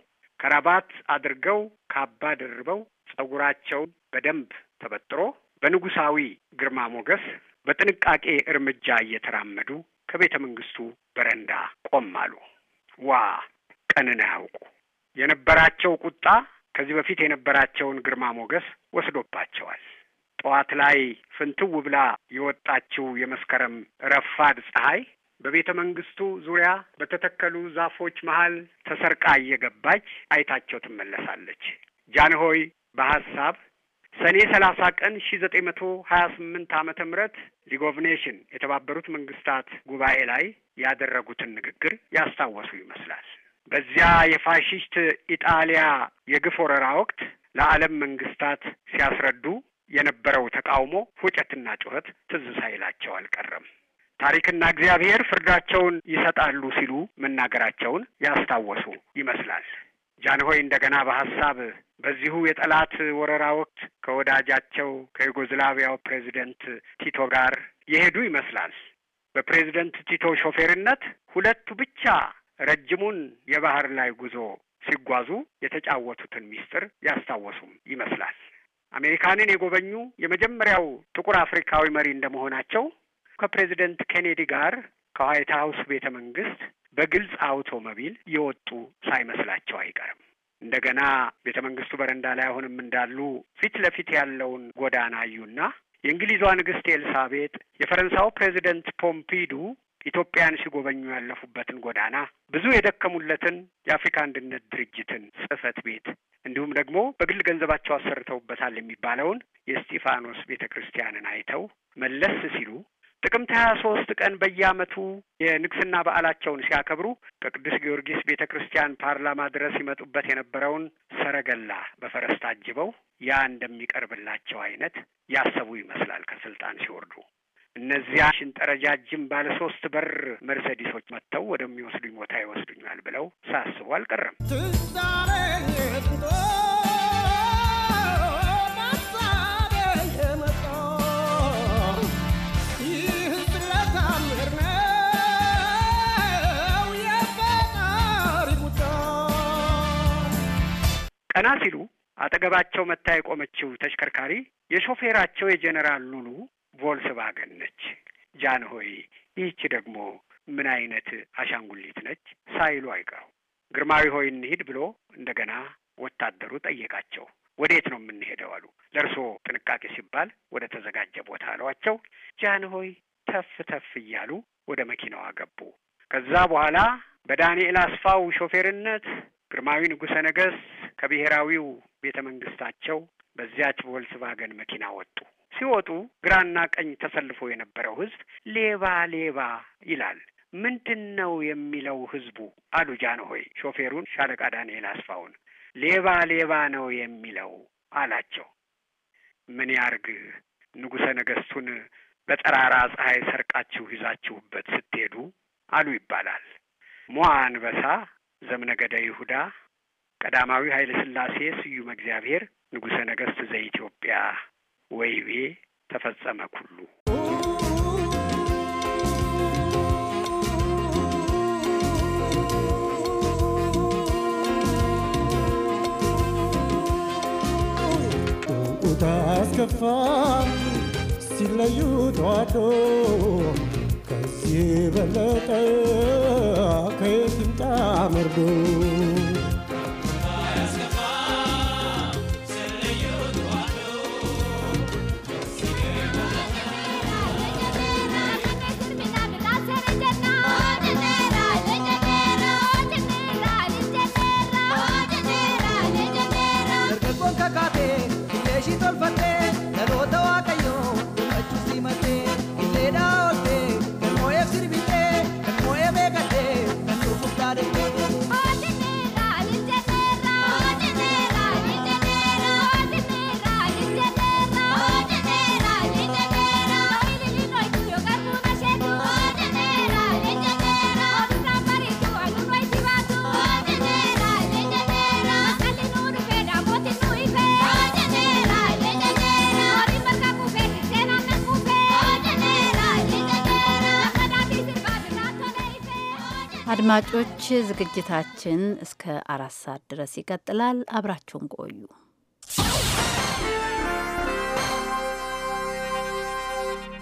Speaker 9: ከረባት አድርገው ካባ ደርበው ጸጉራቸውን በደንብ ተበጥሮ በንጉሳዊ ግርማ ሞገስ በጥንቃቄ እርምጃ እየተራመዱ ከቤተ መንግስቱ በረንዳ ቆም አሉ። ዋ ቀንን አያውቁ። የነበራቸው ቁጣ ከዚህ በፊት የነበራቸውን ግርማ ሞገስ ወስዶባቸዋል። ጠዋት ላይ ፍንትው ብላ የወጣችው የመስከረም ረፋድ ፀሐይ በቤተ መንግስቱ ዙሪያ በተተከሉ ዛፎች መሀል ተሰርቃ እየገባች አይታቸው ትመለሳለች። ጃንሆይ በሀሳብ ሰኔ ሰላሳ ቀን ሺ ዘጠኝ መቶ ሀያ ስምንት ዓመተ ምህረት ሊግ ኦፍ ኔሽን የተባበሩት መንግስታት ጉባኤ ላይ ያደረጉትን ንግግር ያስታወሱ ይመስላል። በዚያ የፋሽስት ኢጣሊያ የግፍ ወረራ ወቅት ለዓለም መንግስታት ሲያስረዱ የነበረው ተቃውሞ ፉጨትና ጩኸት ትዝ ሳይላቸው አልቀረም። ታሪክና እግዚአብሔር ፍርዳቸውን ይሰጣሉ ሲሉ መናገራቸውን ያስታወሱ ይመስላል። ጃንሆይ እንደገና በሀሳብ በዚሁ የጠላት ወረራ ወቅት ከወዳጃቸው ከዩጎዝላቪያው ፕሬዚደንት ቲቶ ጋር የሄዱ ይመስላል። በፕሬዚደንት ቲቶ ሾፌርነት ሁለቱ ብቻ ረጅሙን የባህር ላይ ጉዞ ሲጓዙ የተጫወቱትን ሚስጥር ያስታወሱም ይመስላል። አሜሪካንን የጎበኙ የመጀመሪያው ጥቁር አፍሪካዊ መሪ እንደመሆናቸው ከፕሬዚደንት ኬኔዲ ጋር ከዋይት ሀውስ ቤተ መንግስት በግልጽ አውቶሞቢል የወጡ ሳይመስላቸው አይቀርም። እንደገና ቤተ መንግስቱ በረንዳ ላይ አሁንም እንዳሉ ፊት ለፊት ያለውን ጎዳና አዩና የእንግሊዟ ንግስት ኤልሳቤጥ፣ የፈረንሳው ፕሬዚደንት ፖምፒዱ ኢትዮጵያን ሲጎበኙ ያለፉበትን ጎዳና ብዙ የደከሙለትን የአፍሪካ አንድነት ድርጅትን ጽህፈት ቤት እንዲሁም ደግሞ በግል ገንዘባቸው አሰርተውበታል የሚባለውን የእስጢፋኖስ ቤተ ክርስቲያንን አይተው መለስ ሲሉ ጥቅምት ሀያ ሶስት ቀን በየአመቱ የንግስና በዓላቸውን ሲያከብሩ ከቅዱስ ጊዮርጊስ ቤተ ክርስቲያን ፓርላማ ድረስ ይመጡበት የነበረውን ሰረገላ በፈረስ ታጅበው ያ እንደሚቀርብላቸው አይነት ያሰቡ ይመስላል ከስልጣን ሲወርዱ። እነዚያ ሽንጠረጃጅም ባለ ሶስት በር መርሰዲሶች መጥተው ወደሚወስዱኝ ቦታ ይወስዱኛል ብለው ሳስቡ አልቀረም። ቀና ሲሉ አጠገባቸው መታ የቆመችው ተሽከርካሪ የሾፌራቸው የጄኔራል ሉሉ ቮልስቫገን ነች። ጃንሆይ ይህቺ ደግሞ ምን አይነት አሻንጉሊት ነች ሳይሉ አይቀሩ። ግርማዊ ሆይ እንሂድ ብሎ እንደገና ወታደሩ ጠየቃቸው። ወዴት ነው የምንሄደው አሉ። ለእርስዎ ጥንቃቄ ሲባል ወደ ተዘጋጀ ቦታ አሏቸው። ጃንሆይ ተፍ ተፍ እያሉ ወደ መኪናዋ ገቡ። ከዛ በኋላ በዳንኤል አስፋው ሾፌርነት ግርማዊ ንጉሠ ነገሥት ከብሔራዊው ቤተ መንግስታቸው በዚያች ቮልስቫገን መኪና ወጡ። ሲወጡ ግራና ቀኝ ተሰልፎ የነበረው ህዝብ ሌባ ሌባ ይላል። ምንድን ነው የሚለው ህዝቡ? አሉ ጃንሆይ ሾፌሩን ሻለቃ ዳንኤል አስፋውን። ሌባ ሌባ ነው የሚለው አላቸው። ምን ያርግ? ንጉሠ ነገሥቱን በጠራራ ፀሐይ ሰርቃችሁ ይዛችሁበት ስትሄዱ አሉ ይባላል። ሟ አንበሳ ዘምነ ገዳ ይሁዳ ቀዳማዊ ኃይለ ሥላሴ ስዩም እግዚአብሔር ንጉሠ ነገሥት ዘኢትዮጵያ ወይቤ ተፈጸመ ኩሉ
Speaker 2: ታስከፋ ሲለዩ
Speaker 5: ተዋዶ የበለጠ ከቂንጣ መርዶ
Speaker 1: አድማጮች ዝግጅታችን እስከ አራት ሰዓት ድረስ ይቀጥላል። አብራችሁን ቆዩ።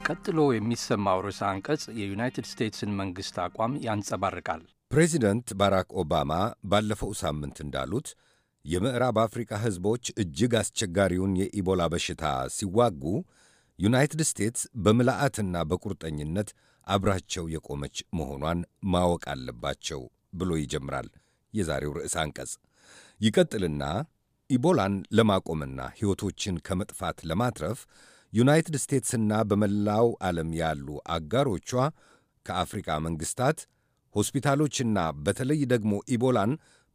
Speaker 10: ቀጥሎ የሚሰማው ርዕሰ አንቀጽ የዩናይትድ ስቴትስን መንግሥት አቋም ያንጸባርቃል።
Speaker 8: ፕሬዚደንት ባራክ ኦባማ ባለፈው ሳምንት እንዳሉት የምዕራብ አፍሪካ ሕዝቦች እጅግ አስቸጋሪውን የኢቦላ በሽታ ሲዋጉ ዩናይትድ ስቴትስ በምልአትና በቁርጠኝነት አብራቸው የቆመች መሆኗን ማወቅ አለባቸው ብሎ ይጀምራል የዛሬው ርዕሰ አንቀጽ። ይቀጥልና ኢቦላን ለማቆምና ሕይወቶችን ከመጥፋት ለማትረፍ ዩናይትድ ስቴትስና በመላው ዓለም ያሉ አጋሮቿ ከአፍሪካ መንግሥታት፣ ሆስፒታሎችና በተለይ ደግሞ ኢቦላን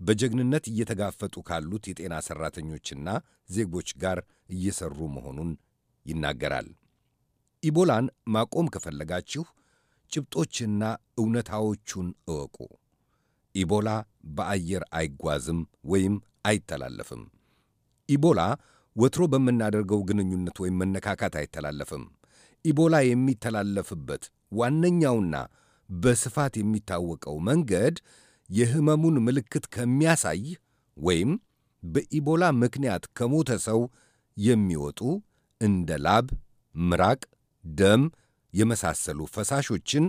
Speaker 8: በጀግንነት እየተጋፈጡ ካሉት የጤና ሠራተኞችና ዜጎች ጋር እየሠሩ መሆኑን ይናገራል። ኢቦላን ማቆም ከፈለጋችሁ ጭብጦችና እውነታዎቹን እወቁ። ኢቦላ በአየር አይጓዝም ወይም አይተላለፍም። ኢቦላ ወትሮ በምናደርገው ግንኙነት ወይም መነካካት አይተላለፍም። ኢቦላ የሚተላለፍበት ዋነኛውና በስፋት የሚታወቀው መንገድ የህመሙን ምልክት ከሚያሳይ ወይም በኢቦላ ምክንያት ከሞተ ሰው የሚወጡ እንደ ላብ፣ ምራቅ፣ ደም የመሳሰሉ ፈሳሾችን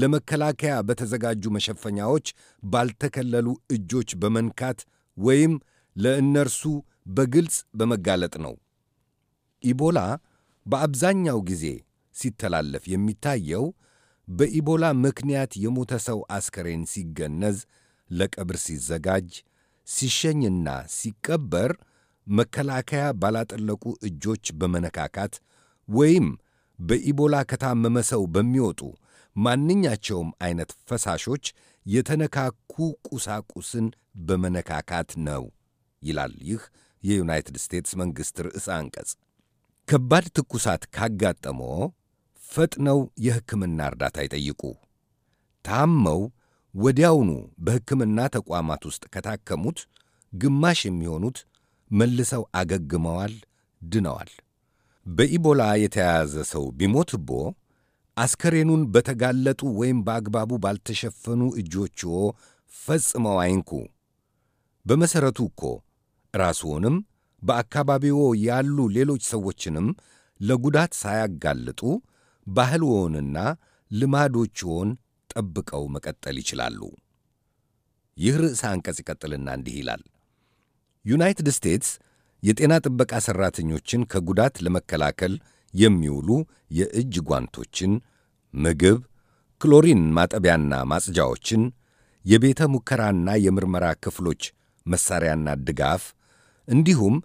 Speaker 8: ለመከላከያ በተዘጋጁ መሸፈኛዎች ባልተከለሉ እጆች በመንካት ወይም ለእነርሱ በግልጽ በመጋለጥ ነው። ኢቦላ በአብዛኛው ጊዜ ሲተላለፍ የሚታየው በኢቦላ ምክንያት የሞተ ሰው አስከሬን ሲገነዝ፣ ለቀብር ሲዘጋጅ፣ ሲሸኝና ሲቀበር መከላከያ ባላጠለቁ እጆች በመነካካት ወይም በኢቦላ ከታመመ ሰው በሚወጡ ማንኛቸውም አይነት ፈሳሾች የተነካኩ ቁሳቁስን በመነካካት ነው ይላል ይህ የዩናይትድ ስቴትስ መንግሥት ርዕሰ አንቀጽ። ከባድ ትኩሳት ካጋጠሞ ፈጥነው የሕክምና እርዳታ ይጠይቁ። ታመው ወዲያውኑ በሕክምና ተቋማት ውስጥ ከታከሙት ግማሽ የሚሆኑት መልሰው አገግመዋል፣ ድነዋል። በኢቦላ የተያዘ ሰው ቢሞት አስከሬኑን በተጋለጡ ወይም በአግባቡ ባልተሸፈኑ እጆችዎ ፈጽመው አይንኩ። በመሠረቱ እኮ ራስዎንም በአካባቢዎ ያሉ ሌሎች ሰዎችንም ለጉዳት ሳያጋልጡ ባህልዎንና ልማዶችዎን ጠብቀው መቀጠል ይችላሉ። ይህ ርዕሰ አንቀጽ ይቀጥልና እንዲህ ይላል። ዩናይትድ ስቴትስ የጤና ጥበቃ ሠራተኞችን ከጉዳት ለመከላከል የሚውሉ የእጅ ጓንቶችን፣ ምግብ፣ ክሎሪን ማጠቢያና ማጽጃዎችን፣ የቤተ ሙከራና የምርመራ ክፍሎች መሣሪያና ድጋፍ እንዲሁም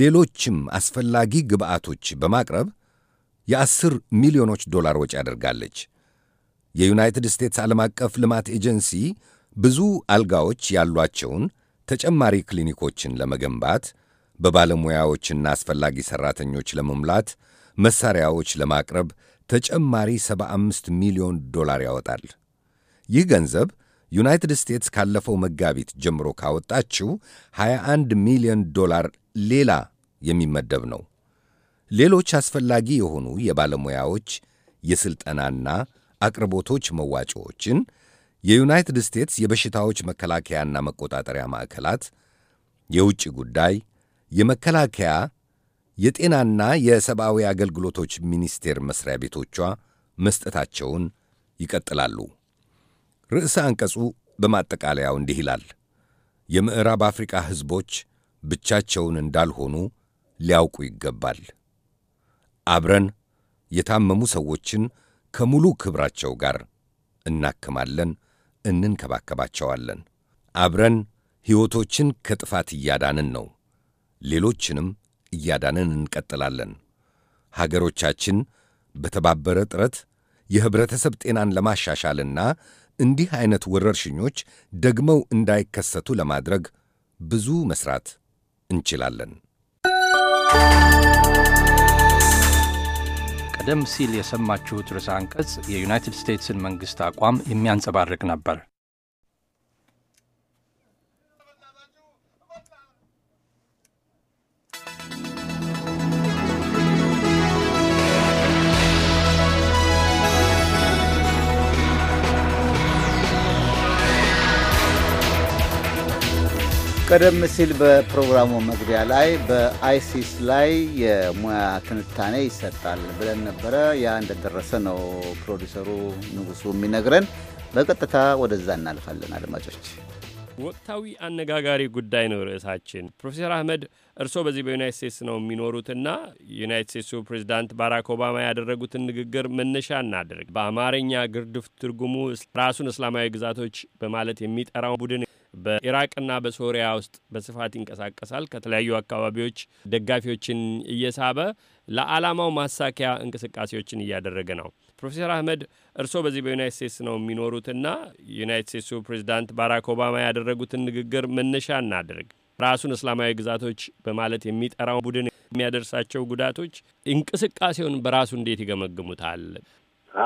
Speaker 8: ሌሎችም አስፈላጊ ግብአቶች በማቅረብ የአስር ሚሊዮኖች ዶላር ወጪ አድርጋለች። የዩናይትድ ስቴትስ ዓለም አቀፍ ልማት ኤጀንሲ ብዙ አልጋዎች ያሏቸውን ተጨማሪ ክሊኒኮችን ለመገንባት በባለሙያዎችና አስፈላጊ ሠራተኞች ለመሙላት መሣሪያዎች ለማቅረብ ተጨማሪ 75 ሚሊዮን ዶላር ያወጣል። ይህ ገንዘብ ዩናይትድ ስቴትስ ካለፈው መጋቢት ጀምሮ ካወጣችው 21 ሚሊዮን ዶላር ሌላ የሚመደብ ነው። ሌሎች አስፈላጊ የሆኑ የባለሙያዎች የሥልጠናና አቅርቦቶች መዋጮዎችን የዩናይትድ ስቴትስ የበሽታዎች መከላከያና መቆጣጠሪያ ማዕከላት፣ የውጭ ጉዳይ፣ የመከላከያ የጤናና የሰብአዊ አገልግሎቶች ሚኒስቴር መስሪያ ቤቶቿ መስጠታቸውን ይቀጥላሉ። ርዕሰ አንቀጹ በማጠቃለያው እንዲህ ይላል። የምዕራብ አፍሪቃ ሕዝቦች ብቻቸውን እንዳልሆኑ ሊያውቁ ይገባል። አብረን የታመሙ ሰዎችን ከሙሉ ክብራቸው ጋር እናክማለን፣ እንንከባከባቸዋለን። አብረን ሕይወቶችን ከጥፋት እያዳንን ነው። ሌሎችንም እያዳንን እንቀጥላለን። ሀገሮቻችን በተባበረ ጥረት የኅብረተሰብ ጤናን ለማሻሻልና እንዲህ ዐይነት ወረርሽኞች ደግመው እንዳይከሰቱ ለማድረግ ብዙ መሥራት እንችላለን።
Speaker 10: ቀደም ሲል የሰማችሁት ርዕሰ አንቀጽ የዩናይትድ ስቴትስን መንግሥት አቋም የሚያንጸባርቅ ነበር።
Speaker 2: ቀደም ሲል በፕሮግራሙ መግቢያ ላይ በአይሲስ ላይ የሙያ ትንታኔ ይሰጣል ብለን ነበረ። ያ እንደደረሰ ነው ፕሮዲሰሩ ንጉሱ የሚነግረን። በቀጥታ ወደዛ እናልፋለን አድማጮች።
Speaker 10: ወቅታዊ አነጋጋሪ ጉዳይ ነው ርዕሳችን። ፕሮፌሰር አህመድ እርስዎ በዚህ በዩናይት ስቴትስ ነው የሚኖሩትና ዩናይት ስቴትሱ ፕሬዚዳንት ባራክ ኦባማ ያደረጉትን ንግግር መነሻ እናደርግ። በአማርኛ ግርድፍ ትርጉሙ ራሱን እስላማዊ ግዛቶች በማለት የሚጠራው ቡድን በኢራቅና በሶሪያ ውስጥ በስፋት ይንቀሳቀሳል። ከተለያዩ አካባቢዎች ደጋፊዎችን እየሳበ ለዓላማው ማሳኪያ እንቅስቃሴዎችን እያደረገ ነው። ፕሮፌሰር አህመድ እርስዎ በዚህ በዩናይት ስቴትስ ነው የሚኖሩትና ዩናይት ስቴትሱ ፕሬዚዳንት ባራክ ኦባማ ያደረጉትን ንግግር መነሻ እናድርግ። ራሱን እስላማዊ ግዛቶች በማለት የሚጠራው ቡድን የሚያደርሳቸው ጉዳቶች እንቅስቃሴውን በራሱ እንዴት ይገመግሙታል?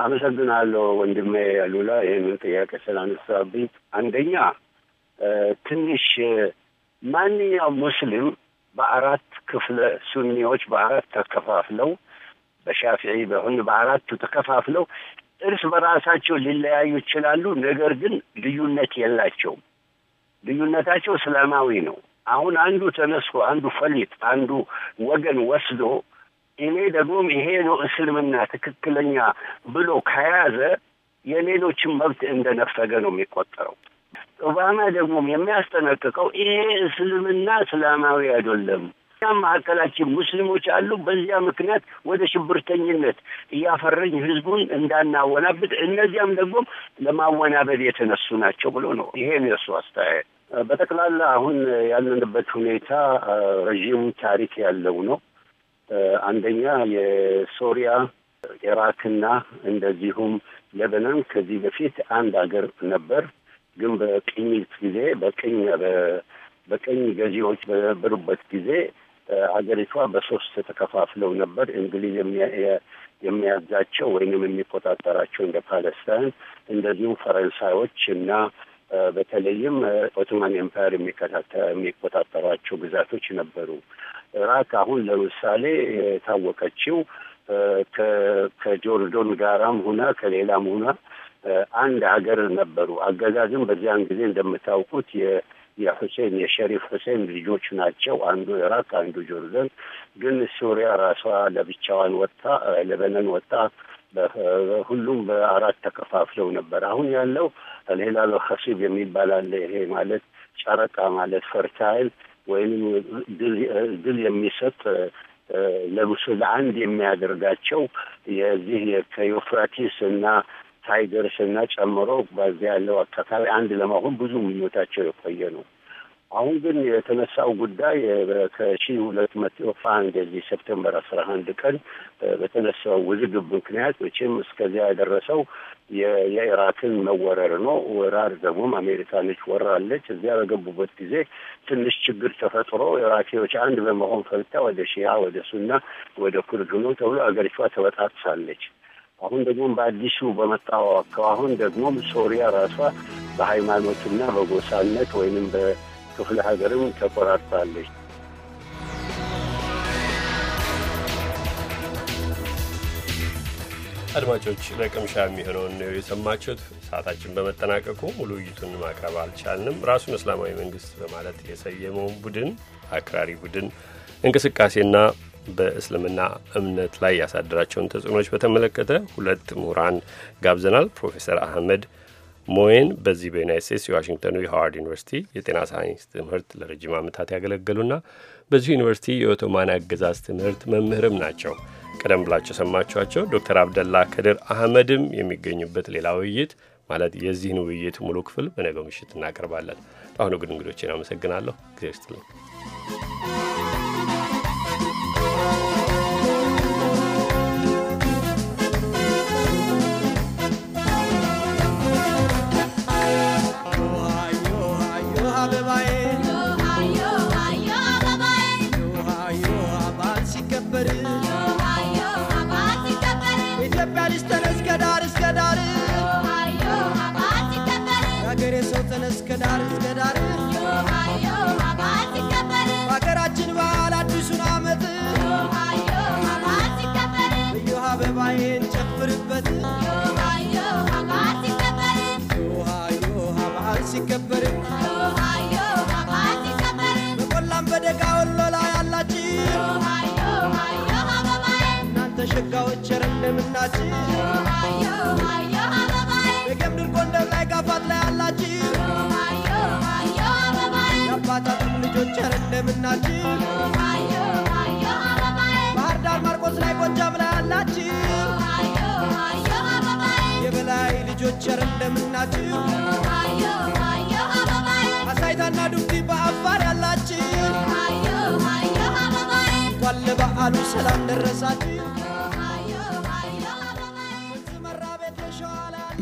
Speaker 3: አመሰግናለሁ ወንድሜ ያሉላ ይህንን ጥያቄ ስላነሳብኝ። አንደኛ ትንሽ ማንኛውም ሙስሊም በአራት ክፍለ ሱኒዎች በአራት ተከፋፍለው በሻፊዒ በሁን በአራቱ ተከፋፍለው እርስ በራሳቸው ሊለያዩ ይችላሉ። ነገር ግን ልዩነት የላቸውም። ልዩነታቸው እስላማዊ ነው። አሁን አንዱ ተነስቶ አንዱ ፈሊጥ አንዱ ወገን ወስዶ እኔ ደግሞም ይሄ ነው እስልምና ትክክለኛ ብሎ ከያዘ የሌሎችን መብት እንደነፈገ ነው የሚቆጠረው። ኦባማ ደግሞም የሚያስጠነቅቀው ይሄ እስልምና እስላማዊ አይደለም። እኛም መካከላችን ሙስሊሞች አሉ። በዚያ ምክንያት ወደ ሽብርተኝነት እያፈረኝ ህዝቡን እንዳናወናብድ፣ እነዚያም ደግሞ ለማወናበድ የተነሱ ናቸው ብሎ ነው። ይሄ የሱ አስተያየት። በጠቅላላ አሁን ያለንበት ሁኔታ ረዥም ታሪክ ያለው ነው። አንደኛ የሶሪያ ኢራክና እንደዚሁም ለበናን ከዚህ በፊት አንድ ሀገር ነበር። ግን በቅኝት ጊዜ በቅኝ በቅኝ ገዢዎች በነበሩበት ጊዜ ሀገሪቷ በሶስት ተከፋፍለው ነበር። እንግሊዝ የሚያዛቸው ወይንም የሚቆጣጠራቸው እንደ ፓለስታይን፣ እንደዚሁም ፈረንሳዮች እና በተለይም ኦቶማን ኤምፓየር የሚቆጣጠሯቸው ግዛቶች ነበሩ። ኢራቅ አሁን ለምሳሌ የታወቀችው ከጆርዶን ጋራም ሆና ከሌላም ሆና አንድ ሀገር ነበሩ። አገዛዝም በዚያን ጊዜ እንደምታውቁት የሁሴን የሸሪፍ ሁሴን ልጆች ናቸው። አንዱ ኢራቅ፣ አንዱ ጆርደን። ግን ሱሪያ ራሷ ለብቻዋን ወጥታ፣ ለበነን ወጥታ ሁሉም በአራት ተከፋፍለው ነበር። አሁን ያለው ሌላ ከሲብ የሚባል አለ። ይሄ ማለት ጨረቃ ማለት ፈርታይል ወይም ድል የሚሰጥ ለብሱ ለአንድ የሚያደርጋቸው የዚህ ከዩፍራቲስ እና ታይገርስና ጨምሮ በዚያ ያለው አካባቢ አንድ ለመሆን ብዙ ምኞታቸው የቆየ ነው። አሁን ግን የተነሳው ጉዳይ ከሺ ሁለት መቶ አንድ የዚህ ሴፕቴምበር አስራ አንድ ቀን በተነሳው ውዝግብ ምክንያት መቼም እስከዚያ ያደረሰው የኢራክን መወረር ነው። ወራር ደግሞም አሜሪካኖች ወራለች። እዚያ በገቡበት ጊዜ ትንሽ ችግር ተፈጥሮ ኢራኪዎች አንድ በመሆን ፈልታ ወደ ሺያ፣ ወደ ሱና፣ ወደ ኩርድ ነው ተብሎ አገሪቷ ተበጣጥሳለች። አሁን ደግሞ በአዲሱ በመጣው አሁን ደግሞ ሶሪያ ራሷ በሃይማኖትና በጎሳነት ወይንም በክፍለ ሀገርም ተቆራርታለች።
Speaker 10: አድማጮች ለቅምሻ የሚሆነውን ነው የሰማችሁት። ሰዓታችን በመጠናቀቁ ሙሉ ውይይቱን ማቅረብ አልቻልንም። ራሱን እስላማዊ መንግስት በማለት የሰየመውን ቡድን አክራሪ ቡድን እንቅስቃሴና በእስልምና እምነት ላይ ያሳደራቸውን ተጽዕኖች በተመለከተ ሁለት ምሁራን ጋብዘናል። ፕሮፌሰር አህመድ ሞዌን በዚህ በዩናይት ስቴትስ የዋሽንግተኑ የሃዋርድ ዩኒቨርሲቲ የጤና ሳይንስ ትምህርት ለረጅም ዓመታት ያገለገሉና በዚሁ ዩኒቨርሲቲ የኦቶማን አገዛዝ ትምህርት መምህርም ናቸው። ቀደም ብላቸው ሰማችኋቸው። ዶክተር አብደላ ከድር አህመድም የሚገኙበት ሌላ ውይይት ማለት የዚህን ውይይት ሙሉ ክፍል በነገው ምሽት እናቀርባለን። አሁኑ ግን እንግዶቼን አመሰግናለሁ። ጊዜ
Speaker 4: ከዳር እስከ ዳር በሀገራችን ባህል አዲሱን ዓመት እዮሃ አበባዬን ጨፍርበት ሲከበር በቆላም በደጋ ወሎ ላይ ያላችሁ እናንተ ሸጋዎች ቸር እንደምናችሁ በጌምድር ጎንደር ላይ ጋፋት ላይ ያላችሁ ቸር እንደምናችሁ ባህር ዳር ማርቆስ ላይ ጎጃም ላይ አላችሁ የበላይ ልጆች ቸር እንደምናችሁ አሳይታና ዱብቲ በአፋር ያላችሁ እንኳን ለበዓሉ ሰላም ደረሳችሁ።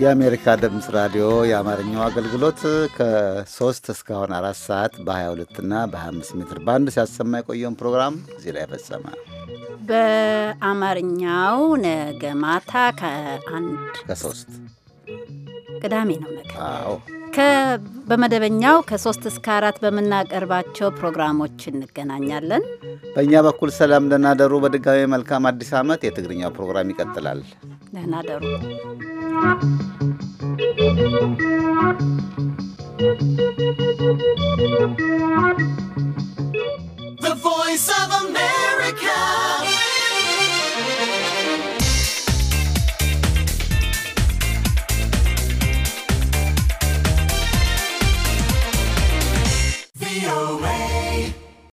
Speaker 2: የአሜሪካ ድምፅ ራዲዮ የአማርኛው አገልግሎት ከ3 እስካሁን አራት ሰዓት በ22 እና በ25 ሜትር ባንድ ሲያሰማ የቆየውን ፕሮግራም እዚህ ላይ ፈጸመ።
Speaker 1: በአማርኛው ነገ ማታ
Speaker 2: ከአንድ ከሶስት
Speaker 1: ቅዳሜ ነው ነገ። አዎ በመደበኛው ከሶስት እስከ አራት በምናቀርባቸው ፕሮግራሞች እንገናኛለን።
Speaker 2: በእኛ በኩል ሰላም ደናደሩ። በድጋሚ መልካም አዲስ ዓመት። የትግርኛው ፕሮግራም ይቀጥላል።
Speaker 4: America